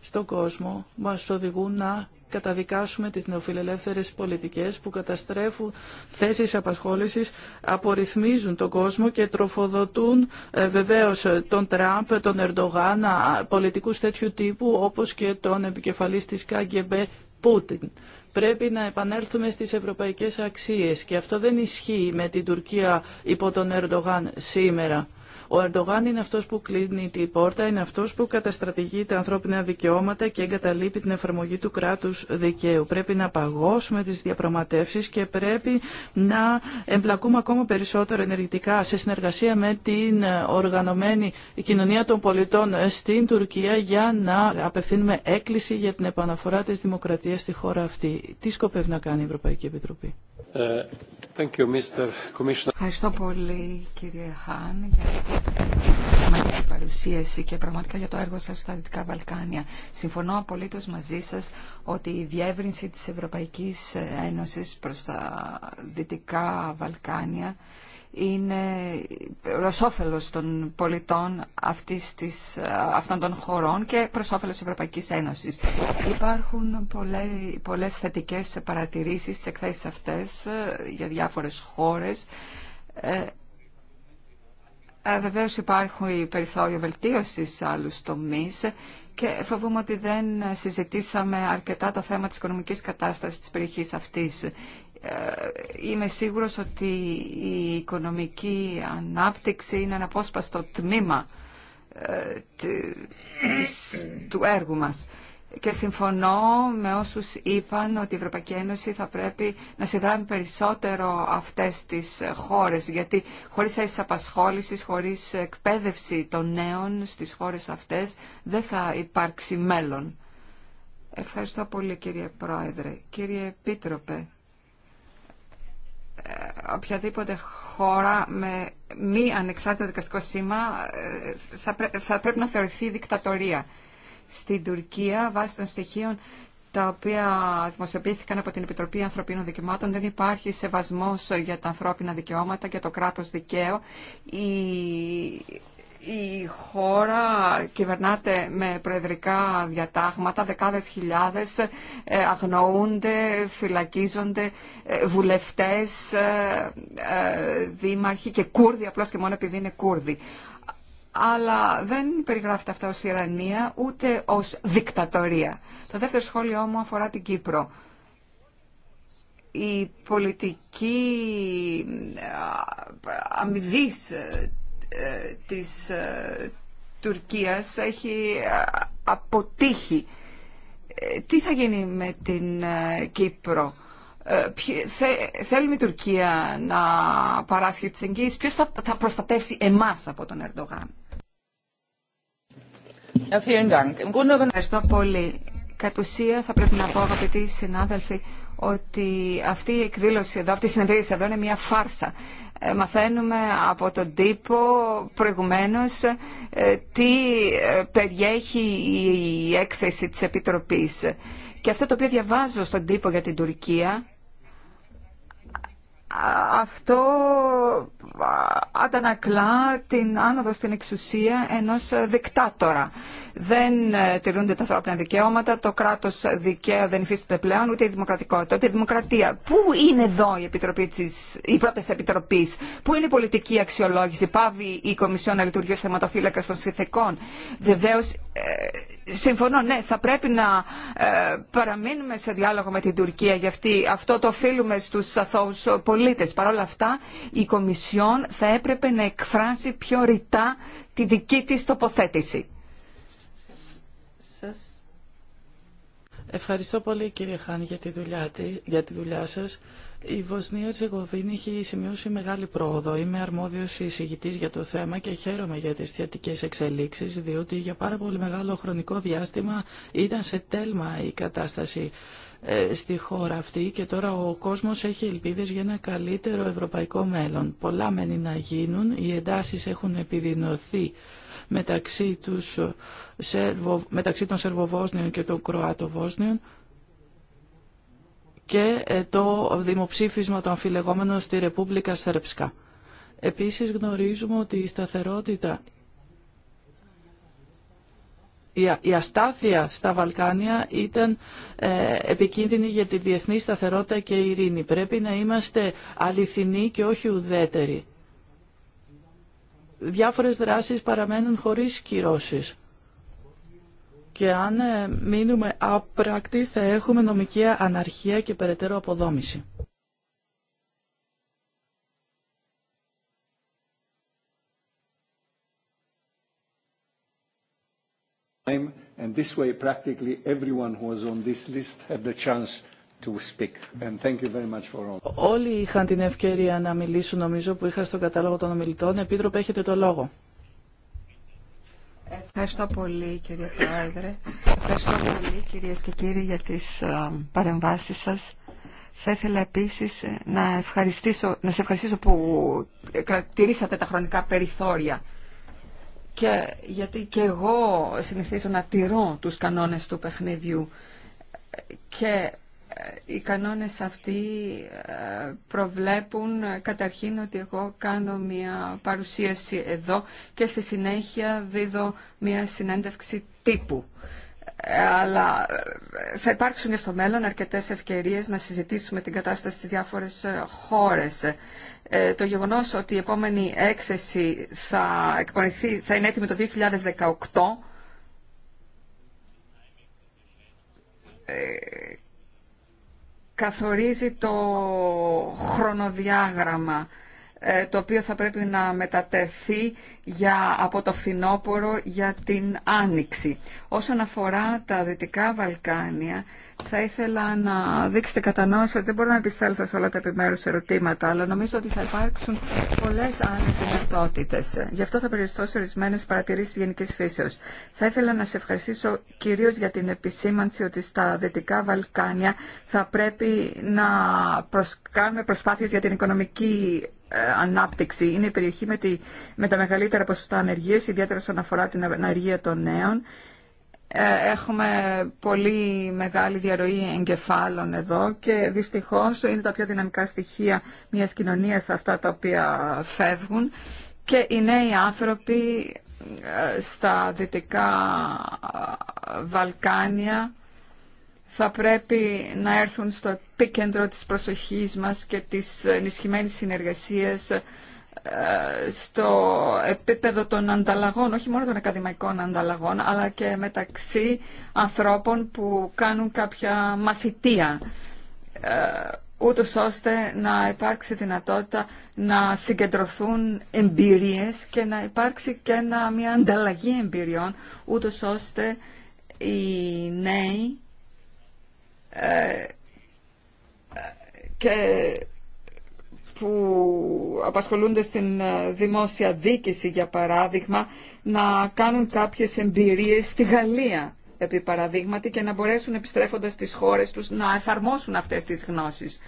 S4: στον κόσμο, μας οδηγούν να καταδικάσουμε τις νεοφιλελεύθερες πολιτικές που καταστρέφουν θέσεις απασχόλησης, απορριθμίζουν τον κόσμο και τροφοδοτούν ε, βεβαίως τον Τραμπ, τον Ερντογάν, πολιτικούς τέτοιου τύπου όπως και τον επικεφαλής της ΚΑΓΕΜΠΕ Πούτιν. Πρέπει να επανέλθουμε στις ευρωπαϊκές αξίες και αυτό δεν ισχύει με την Τουρκία υπό τον Ερντογάν σήμερα. Ο Ερντογάν είναι αυτό που κλείνει την πόρτα, είναι αυτό που καταστρατηγεί τα ανθρώπινα δικαιώματα και εγκαταλείπει την εφαρμογή του κράτου δικαίου. Πρέπει να παγώσουμε τι διαπραγματεύσει και πρέπει να εμπλακούμε ακόμα περισσότερο ενεργητικά σε συνεργασία με την οργανωμένη κοινωνία των πολιτών στην Τουρκία για να απευθύνουμε έκκληση για την επαναφορά τη δημοκρατία στη χώρα αυτή. Τι σκοπεύει να κάνει η Ευρωπαϊκή Επιτροπή.
S2: Ε, thank you, Mr.
S3: Ευχαριστώ πολύ κύριε Χάν για σημαντική παρουσίαση και πραγματικά για το έργο σας στα Δυτικά Βαλκάνια. Συμφωνώ απολύτως μαζί σας ότι η διεύρυνση της Ευρωπαϊκής Ένωσης προς τα Δυτικά Βαλκάνια είναι προς όφελος των πολιτών αυτής της, αυτών των χωρών και προς όφελος της Ευρωπαϊκής Ένωσης. Υπάρχουν πολλές, πολλές θετικές παρατηρήσεις στις εκθέσεις αυτές ε, για διάφορες χώρες ε, ε, Βεβαίω υπάρχουν περιθώρια βελτίωση σε άλλου τομεί και φοβούμαι ότι δεν συζητήσαμε αρκετά το θέμα της οικονομικής κατάστασης της περιοχής αυτής. Ε, είμαι σίγουρος ότι η οικονομική ανάπτυξη είναι αναπόσπαστο τμήμα ε, του έργου μας και συμφωνώ με όσους είπαν ότι η Ευρωπαϊκή Ένωση θα πρέπει να συνδράμει περισσότερο αυτές τις χώρες, γιατί χωρίς θέσεις απασχόλησης, χωρίς εκπαίδευση των νέων στις χώρες αυτές, δεν θα υπάρξει μέλλον. Ευχαριστώ πολύ κύριε Πρόεδρε. Κύριε Επίτροπε, ε, οποιαδήποτε χώρα με μη ανεξάρτητο δικαστικό σήμα ε, θα, θα πρέπει να θεωρηθεί δικτατορία στην Τουρκία βάσει των στοιχείων τα οποία δημοσιοποιήθηκαν από την Επιτροπή Ανθρωπίνων Δικαιωμάτων. Δεν υπάρχει σεβασμός για τα ανθρώπινα δικαιώματα, για το κράτος δικαίου. Η, η χώρα κυβερνάται με προεδρικά διατάγματα, δεκάδες χιλιάδες ε, αγνοούνται, φυλακίζονται ε, βουλευτές, ε, δήμαρχοι και Κούρδοι, απλώς και μόνο επειδή είναι Κούρδοι αλλά δεν περιγράφεται αυτά ως τυραννία ούτε ως δικτατορία. Το δεύτερο σχόλιο μου αφορά την Κύπρο. Η πολιτική ε, αμοιβή ε, ε, της Τουρκίας έχει αποτύχει. Τι θα γίνει με την Κύπρο. Θέλουμε η Τουρκία να παράσχει τις εγγύης. Ποιος θα προστατεύσει εμάς από τον Ερντογάν. Ε, Ευχαριστώ πολύ. Κατ' ουσία θα πρέπει να πω αγαπητοί συνάδελφοι ότι αυτή η εκδήλωση εδώ, αυτή η συνεδρίαση εδώ είναι μια φάρσα. Ε, μαθαίνουμε από τον τύπο προηγουμένως ε, τι ε, περιέχει η έκθεση της Επιτροπής. Και αυτό το οποίο διαβάζω στον τύπο για την Τουρκία αυτό αντανακλά την άνοδο στην εξουσία ενός δικτάτορα. Δεν ε, τηρούνται τα ανθρώπινα δικαιώματα, το κράτος δικαίου δεν υφίσταται πλέον, ούτε η δημοκρατικότητα, ούτε η δημοκρατία. Πού είναι εδώ η, επιτροπή της, η πρώτη επιτροπή, πού είναι η πολιτική αξιολόγηση, πάβει η Κομισιόν να λειτουργεί ως θεματοφύλακα των συνθηκών. Βεβαίω ε, Συμφωνώ, ναι, θα πρέπει να ε, παραμείνουμε σε διάλογο με την Τουρκία, γιατί αυτό το οφείλουμε στους αθώους πολίτες. Παρ' όλα αυτά, η Κομισιόν θα έπρεπε να εκφράσει πιο ρητά τη δική της τοποθέτηση.
S4: ευχαριστώ πολύ κύριε Χάν για τη δουλειά, για τη δουλειά σας. Η Βοσνία Ερζεγοβίνη έχει σημειώσει μεγάλη πρόοδο. Είμαι αρμόδιο εισηγητή για το θέμα και χαίρομαι για τι θετικέ εξελίξει, διότι για πάρα πολύ μεγάλο χρονικό διάστημα ήταν σε τέλμα η κατάσταση ε, στη χώρα αυτή και τώρα ο κόσμο έχει ελπίδε για ένα καλύτερο ευρωπαϊκό μέλλον. Πολλά μένει να γίνουν, οι εντάσει έχουν επιδεινωθεί μεταξύ, τους, ε, μεταξύ των Σερβοβόσνιων και των Κροατοβόσνιων και ε, το δημοψήφισμα των φιλεγόμενων στη Ρεπούμπλικα Σερβσκά. Επίσης γνωρίζουμε ότι η σταθερότητα, η αστάθεια στα Βαλκάνια ήταν ε, επικίνδυνη για τη διεθνή σταθερότητα και η ειρήνη. Πρέπει να είμαστε αληθινοί και όχι ουδέτεροι. Διάφορες δράσεις παραμένουν χωρίς κυρώσεις. Και αν ε, μείνουμε απρακτοί θα έχουμε νομική αναρχία και περαιτέρω αποδόμηση.
S6: and this way practically everyone who was on this list had the chance to speak. And thank you very much
S4: for all. Όλοι είχαν την ευκαιρία να μιλήσουν, νομίζω, που είχα στον κατάλογο των ομιλητών. Επίτροπε, έχετε το
S3: λόγο. Ευχαριστώ πολύ κύριε Πρόεδρε.
S4: Ευχαριστώ πολύ
S3: κυρίες και κύριοι για τις ε, παρεμβάσεις σας. Θα ήθελα επίσης να, ευχαριστήσω, να σε ευχαριστήσω που τηρήσατε τα χρονικά περιθώρια. Και, γιατί και εγώ συνηθίζω να τηρώ τους κανόνες του παιχνίδιου και οι κανόνες αυτοί ε, προβλέπουν καταρχήν ότι εγώ κάνω μια παρουσίαση εδώ και στη συνέχεια δίδω μια συνέντευξη τύπου. Ε, αλλά ε, θα υπάρξουν και στο μέλλον αρκετές ευκαιρίες να συζητήσουμε την κατάσταση στις διάφορες χώρες. Το γεγονός ότι η επόμενη έκθεση θα, εκπονηθεί, θα είναι έτοιμη το 2018 καθορίζει το χρονοδιάγραμμα ε, το οποίο θα πρέπει να μετατεθεί για, από το φθινόπωρο για την Άνοιξη. Όσον αφορά τα Δυτικά Βαλκάνια, θα ήθελα να δείξετε κατανόηση ότι δεν μπορώ να επιστέλθω σε όλα τα επιμέρους ερωτήματα, αλλά νομίζω ότι θα υπάρξουν πολλές άλλε δυνατότητες. Γι' αυτό θα περιοριστώ σε ορισμένε παρατηρήσεις γενικής φύσεως. Θα ήθελα να σε ευχαριστήσω κυρίως για την επισήμανση ότι στα Δυτικά Βαλκάνια θα πρέπει να κάνουμε προσπάθειες για την οικονομική ε, ανάπτυξη. Είναι η περιοχή με, τη, τα μεγαλύτερα ποσοστά ανεργίας, ιδιαίτερα όσον αφορά την ανεργία των νέων. Ε, έχουμε πολύ μεγάλη διαρροή εγκεφάλων εδώ και δυστυχώς είναι τα πιο δυναμικά στοιχεία μιας κοινωνίας αυτά τα οποία φεύγουν και οι νέοι άνθρωποι ε, στα Δυτικά Βαλκάνια θα πρέπει να έρθουν στο επίκεντρο της προσοχής μας και της ενισχυμένη συνεργασίας ε, στο επίπεδο των ανταλλαγών, όχι μόνο των ακαδημαϊκών ανταλλαγών, αλλά και μεταξύ ανθρώπων που κάνουν κάποια μαθητεία, ε, ούτως ώστε να υπάρξει δυνατότητα να συγκεντρωθούν εμπειρίες και να υπάρξει και μια ανταλλαγή εμπειριών, ούτως ώστε οι νέοι ε, και που απασχολούνται στην ε, δημόσια δίκηση για παράδειγμα να κάνουν κάποιες εμπειρίες στη Γαλλία επί παραδείγματι και να μπορέσουν επιστρέφοντας στις χώρες τους να εφαρμόσουν αυτές τις γνώσεις.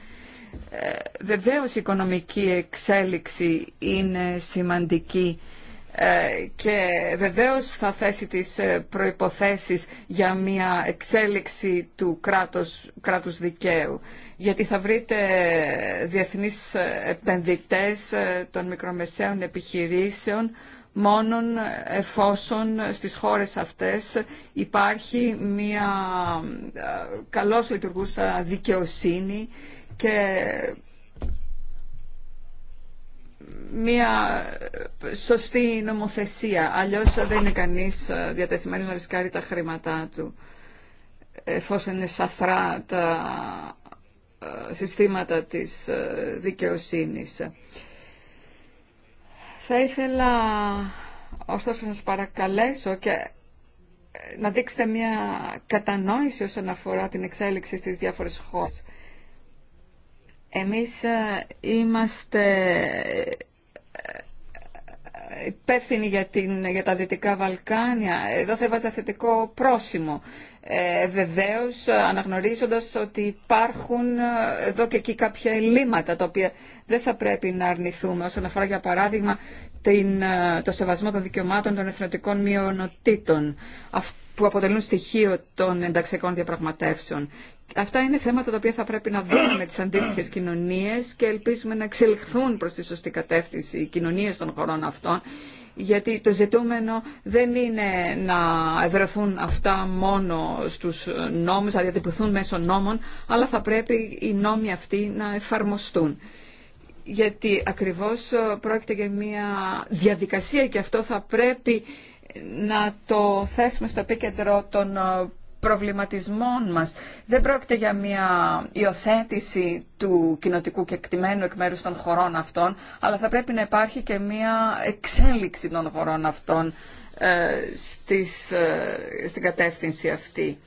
S3: Ε, βεβαίως η οικονομική εξέλιξη είναι σημαντική ε, και βεβαίως θα θέσει τις ε, προϋποθέσεις για μια εξέλιξη του κράτους, κράτους δικαίου γιατί θα βρείτε ε, διεθνείς επενδυτές των μικρομεσαίων επιχειρήσεων μόνον εφόσον στις χώρες αυτές υπάρχει μια καλώς λειτουργούσα δικαιοσύνη και μια σωστή νομοθεσία. Αλλιώς δεν είναι κανείς ε, διατεθειμένος να ρισκάρει τα χρήματά του εφόσον είναι σαθρά τα ε, συστήματα της ε, δικαιοσύνης. Θα ήθελα ωστόσο να σας παρακαλέσω και να δείξετε μια κατανόηση όσον αφορά την εξέλιξη στις διάφορες χώρες εμείς ε, είμαστε ε, υπεύθυνοι για, την, για τα Δυτικά Βαλκάνια. Εδώ θα έβαζα θετικό πρόσημο ε, βεβαίως αναγνωρίζοντας ότι υπάρχουν ε, εδώ και εκεί κάποια ελλείμματα τα οποία δεν θα πρέπει να αρνηθούμε όσον αφορά για παράδειγμα την, ε, το σεβασμό των δικαιωμάτων των εθνοτικών μειονοτήτων που αποτελούν στοιχείο των ενταξιακών διαπραγματεύσεων. Αυτά είναι θέματα τα οποία θα πρέπει να δούμε με τις αντίστοιχες κοινωνίες και ελπίζουμε να εξελιχθούν προς τη σωστή κατεύθυνση οι κοινωνίες των χωρών αυτών γιατί το ζητούμενο δεν είναι να ευρεθούν αυτά μόνο στους νόμους, να διατυπωθούν μέσω νόμων, αλλά θα πρέπει οι νόμοι αυτοί να εφαρμοστούν. Γιατί ακριβώς ε, πρόκειται για μια διαδικασία και αυτό θα πρέπει να το θέσουμε στο επίκεντρο των ε, προβληματισμών μας. Δεν πρόκειται για μια υιοθέτηση του κοινοτικού κεκτημένου εκ μέρους των χωρών αυτών, αλλά θα πρέπει να υπάρχει και μια εξέλιξη των χωρών αυτών ε, στις, ε, στην κατεύθυνση αυτή.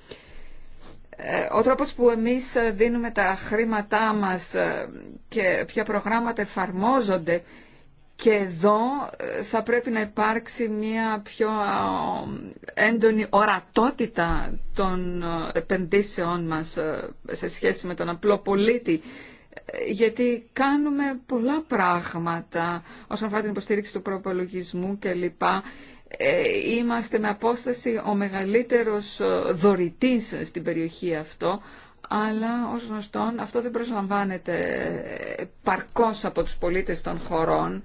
S3: Ε, ο τρόπος που εμείς δίνουμε τα χρήματά μας και ποια προγράμματα εφαρμόζονται και εδώ ε, θα πρέπει να υπάρξει μια πιο έντονη ορατότητα των ε, επενδύσεών μας ε, σε σχέση με τον απλό πολίτη. Γιατί κάνουμε πολλά πράγματα όσον αφορά την υποστήριξη του προπολογισμού κλπ. Είμαστε με απόσταση ο μεγαλύτερος δωρητής στην περιοχή αυτό, αλλά ως γνωστόν αυτό δεν προσλαμβάνεται παρκώς από τους πολίτες των χωρών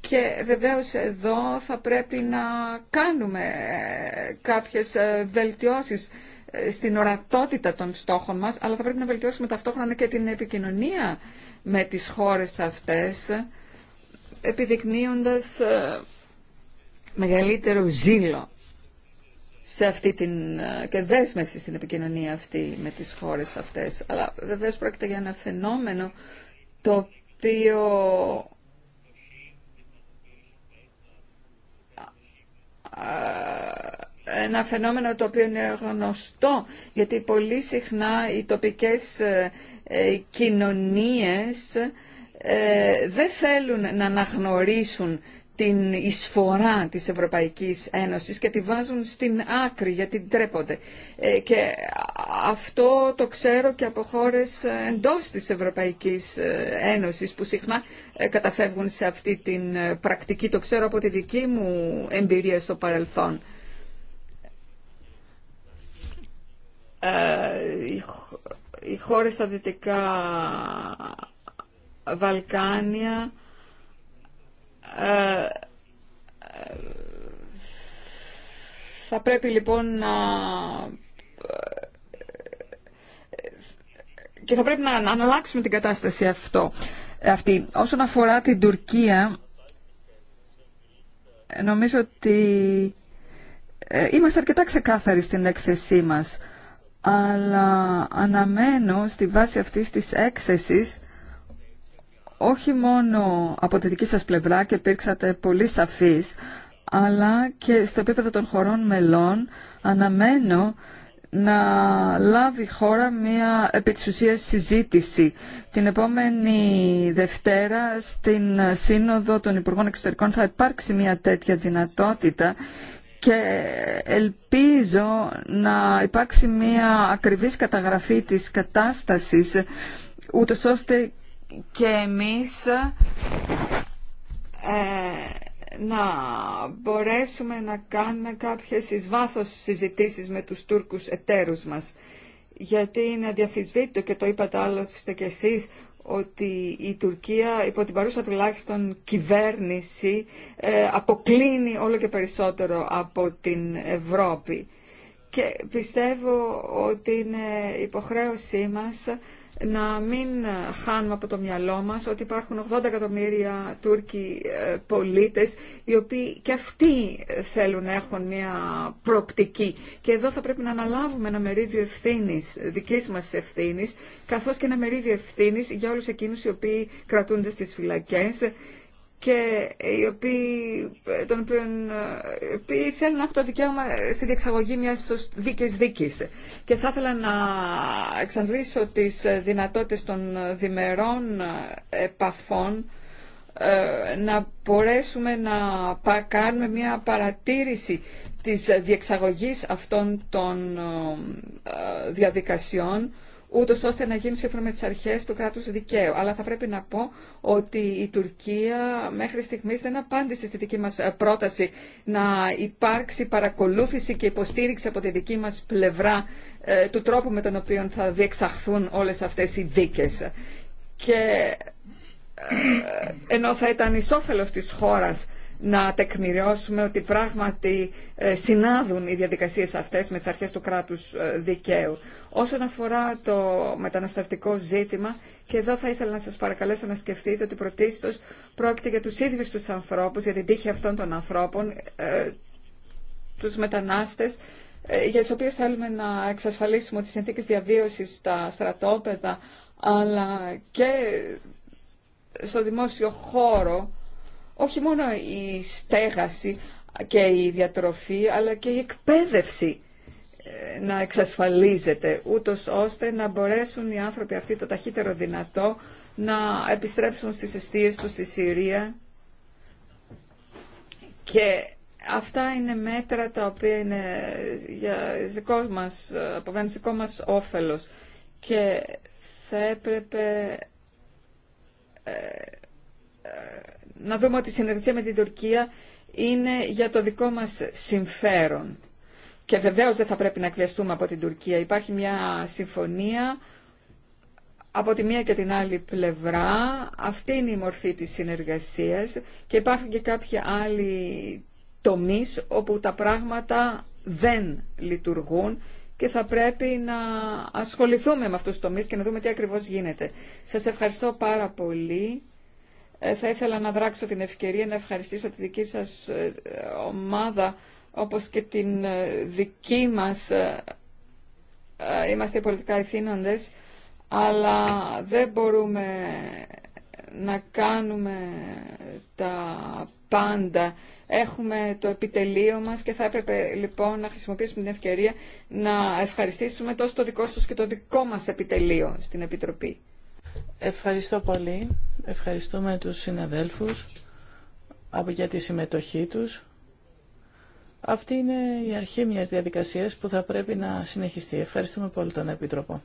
S3: και βεβαίως εδώ θα πρέπει να κάνουμε ε, κάποιες ε, βελτιώσεις ε, στην ορατότητα των στόχων μας, αλλά θα πρέπει να βελτιώσουμε ταυτόχρονα και την επικοινωνία με τις χώρες αυτές, επιδεικνύοντας μεγαλύτερο ζήλο σε αυτή την, ε, και δέσμευση στην επικοινωνία αυτή με τις χώρες αυτές. Αλλά βεβαίω πρόκειται για ένα φαινόμενο το οποίο ε, ένα φαινόμενο το οποίο είναι γνωστό, γιατί πολύ συχνά οι τοπικές ε, κοινωνίες δεν θέλουν να αναγνωρίσουν την εισφορά της Ευρωπαϊκής Ένωσης και τη βάζουν στην άκρη γιατί τρέπονται. Ε, και αυτό το ξέρω και από χώρες εντός της Ευρωπαϊκής ε, Ένωσης που συχνά ε, καταφεύγουν σε αυτή την πρακτική. Το ξέρω από τη δική μου εμπειρία στο παρελθόν. Οι χώρες στα Δυτικά Βαλκάνια θα πρέπει λοιπόν να και θα πρέπει να, αναλάξουμε την κατάσταση αυτό, αυτή. Όσον αφορά την Τουρκία, νομίζω ότι ε, είμαστε αρκετά ξεκάθαροι στην έκθεσή μας, αλλά αναμένω στη βάση αυτής της έκθεσης όχι μόνο από τη δική σας πλευρά και υπήρξατε πολύ σαφείς, αλλά και στο επίπεδο των χωρών μελών αναμένω να λάβει η χώρα μια επί της ουσίας, συζήτηση την επόμενη Δευτέρα στην Σύνοδο των Υπουργών Εξωτερικών θα υπάρξει μια τέτοια δυνατότητα και ελπίζω να υπάρξει μια ακριβής καταγραφή της κατάστασης ούτως ώστε και εμείς ε, να μπορέσουμε να κάνουμε κάποιες εις βάθος συζητήσεις με τους Τούρκους εταίρους μας. Γιατί είναι αδιαφυσβήτητο και το είπατε άλλωστε και εσείς ότι η Τουρκία υπό την παρούσα τουλάχιστον κυβέρνηση ε, αποκλίνει όλο και περισσότερο από την Ευρώπη. Και πιστεύω ότι είναι υποχρέωσή μας να μην χάνουμε από το μυαλό μας ότι υπάρχουν 80 εκατομμύρια Τούρκοι ε, πολίτες οι οποίοι και αυτοί θέλουν να έχουν μια προοπτική και εδώ θα πρέπει να αναλάβουμε ένα μερίδιο ευθύνη, δικής μας ευθύνη, καθώς και ένα μερίδιο ευθύνη για όλους εκείνους οι οποίοι κρατούνται στις φυλακές και οι οποίοι, τον οι θέλουν να το δικαίωμα στη διεξαγωγή μιας δίκης δίκης. Και θα ήθελα να εξαντλήσω τις δυνατότητες των διμερών επαφών ε, να μπορέσουμε να κάνουμε μια παρατήρηση της διεξαγωγής αυτών των ε, διαδικασιών ούτω ώστε να γίνουν σύμφωνα με τι αρχέ του κράτου δικαίου. Αλλά θα πρέπει να πω ότι η Τουρκία μέχρι στιγμή δεν απάντησε στη δική μα πρόταση να υπάρξει παρακολούθηση και υποστήριξη από τη δική μα πλευρά ε, του τρόπου με τον οποίο θα διεξαχθούν όλε αυτέ οι δίκε. Και ε, ενώ θα ήταν ισόφελος τη χώρα να τεκμηριώσουμε ότι πράγματι ε, συνάδουν οι διαδικασίες αυτές με τις αρχές του κράτους ε, δικαίου. Όσον αφορά το μεταναστευτικό ζήτημα, και εδώ θα ήθελα να σας παρακαλέσω να σκεφτείτε ότι πρωτίστως πρόκειται για τους ίδιους τους ανθρώπους, για την τύχη αυτών των ανθρώπων, ε, τους μετανάστες, για τους οποίους θέλουμε να εξασφαλίσουμε τις συνθήκε συνθήκες διαβίωσης στα στρατόπεδα αλλά και στο δημόσιο χώρο όχι μόνο η στέγαση και η διατροφή, αλλά και η εκπαίδευση ε, να εξασφαλίζεται, ούτως ώστε να μπορέσουν οι άνθρωποι αυτοί το ταχύτερο δυνατό να επιστρέψουν στις αιστείες τους στη Συρία. Και αυτά είναι μέτρα τα οποία είναι για δικό μας, δικό μας όφελος και θα έπρεπε ε, ε, να δούμε ότι η συνεργασία με την Τουρκία είναι για το δικό μας συμφέρον. Και βεβαίως δεν θα πρέπει να κλειστούμε από την Τουρκία. Υπάρχει μια συμφωνία από τη μία και την άλλη πλευρά. Αυτή είναι η μορφή της συνεργασίας και υπάρχουν και κάποιοι άλλοι τομείς όπου τα πράγματα δεν λειτουργούν και θα πρέπει να ασχοληθούμε με αυτούς τους τομείς και να δούμε τι ακριβώς γίνεται. Σας ευχαριστώ πάρα πολύ. Ε, θα ήθελα να δράξω την ευκαιρία να ευχαριστήσω τη δική σας ε, ομάδα όπως και την ε, δική μας είμαστε πολιτικά ηθήνοντες αλλά δεν μπορούμε να κάνουμε τα πάντα. Έχουμε το επιτελείο μας και θα έπρεπε λοιπόν να χρησιμοποιήσουμε την ευκαιρία να ευχαριστήσουμε τόσο το δικό σας και το δικό μας επιτελείο στην Επιτροπή. Ευχαριστώ πολύ.
S4: Ευχαριστούμε τους συναδέλφους για τη συμμετοχή τους. Αυτή είναι η αρχή μιας διαδικασίας που θα πρέπει να συνεχιστεί. Ευχαριστούμε πολύ τον Επίτροπο.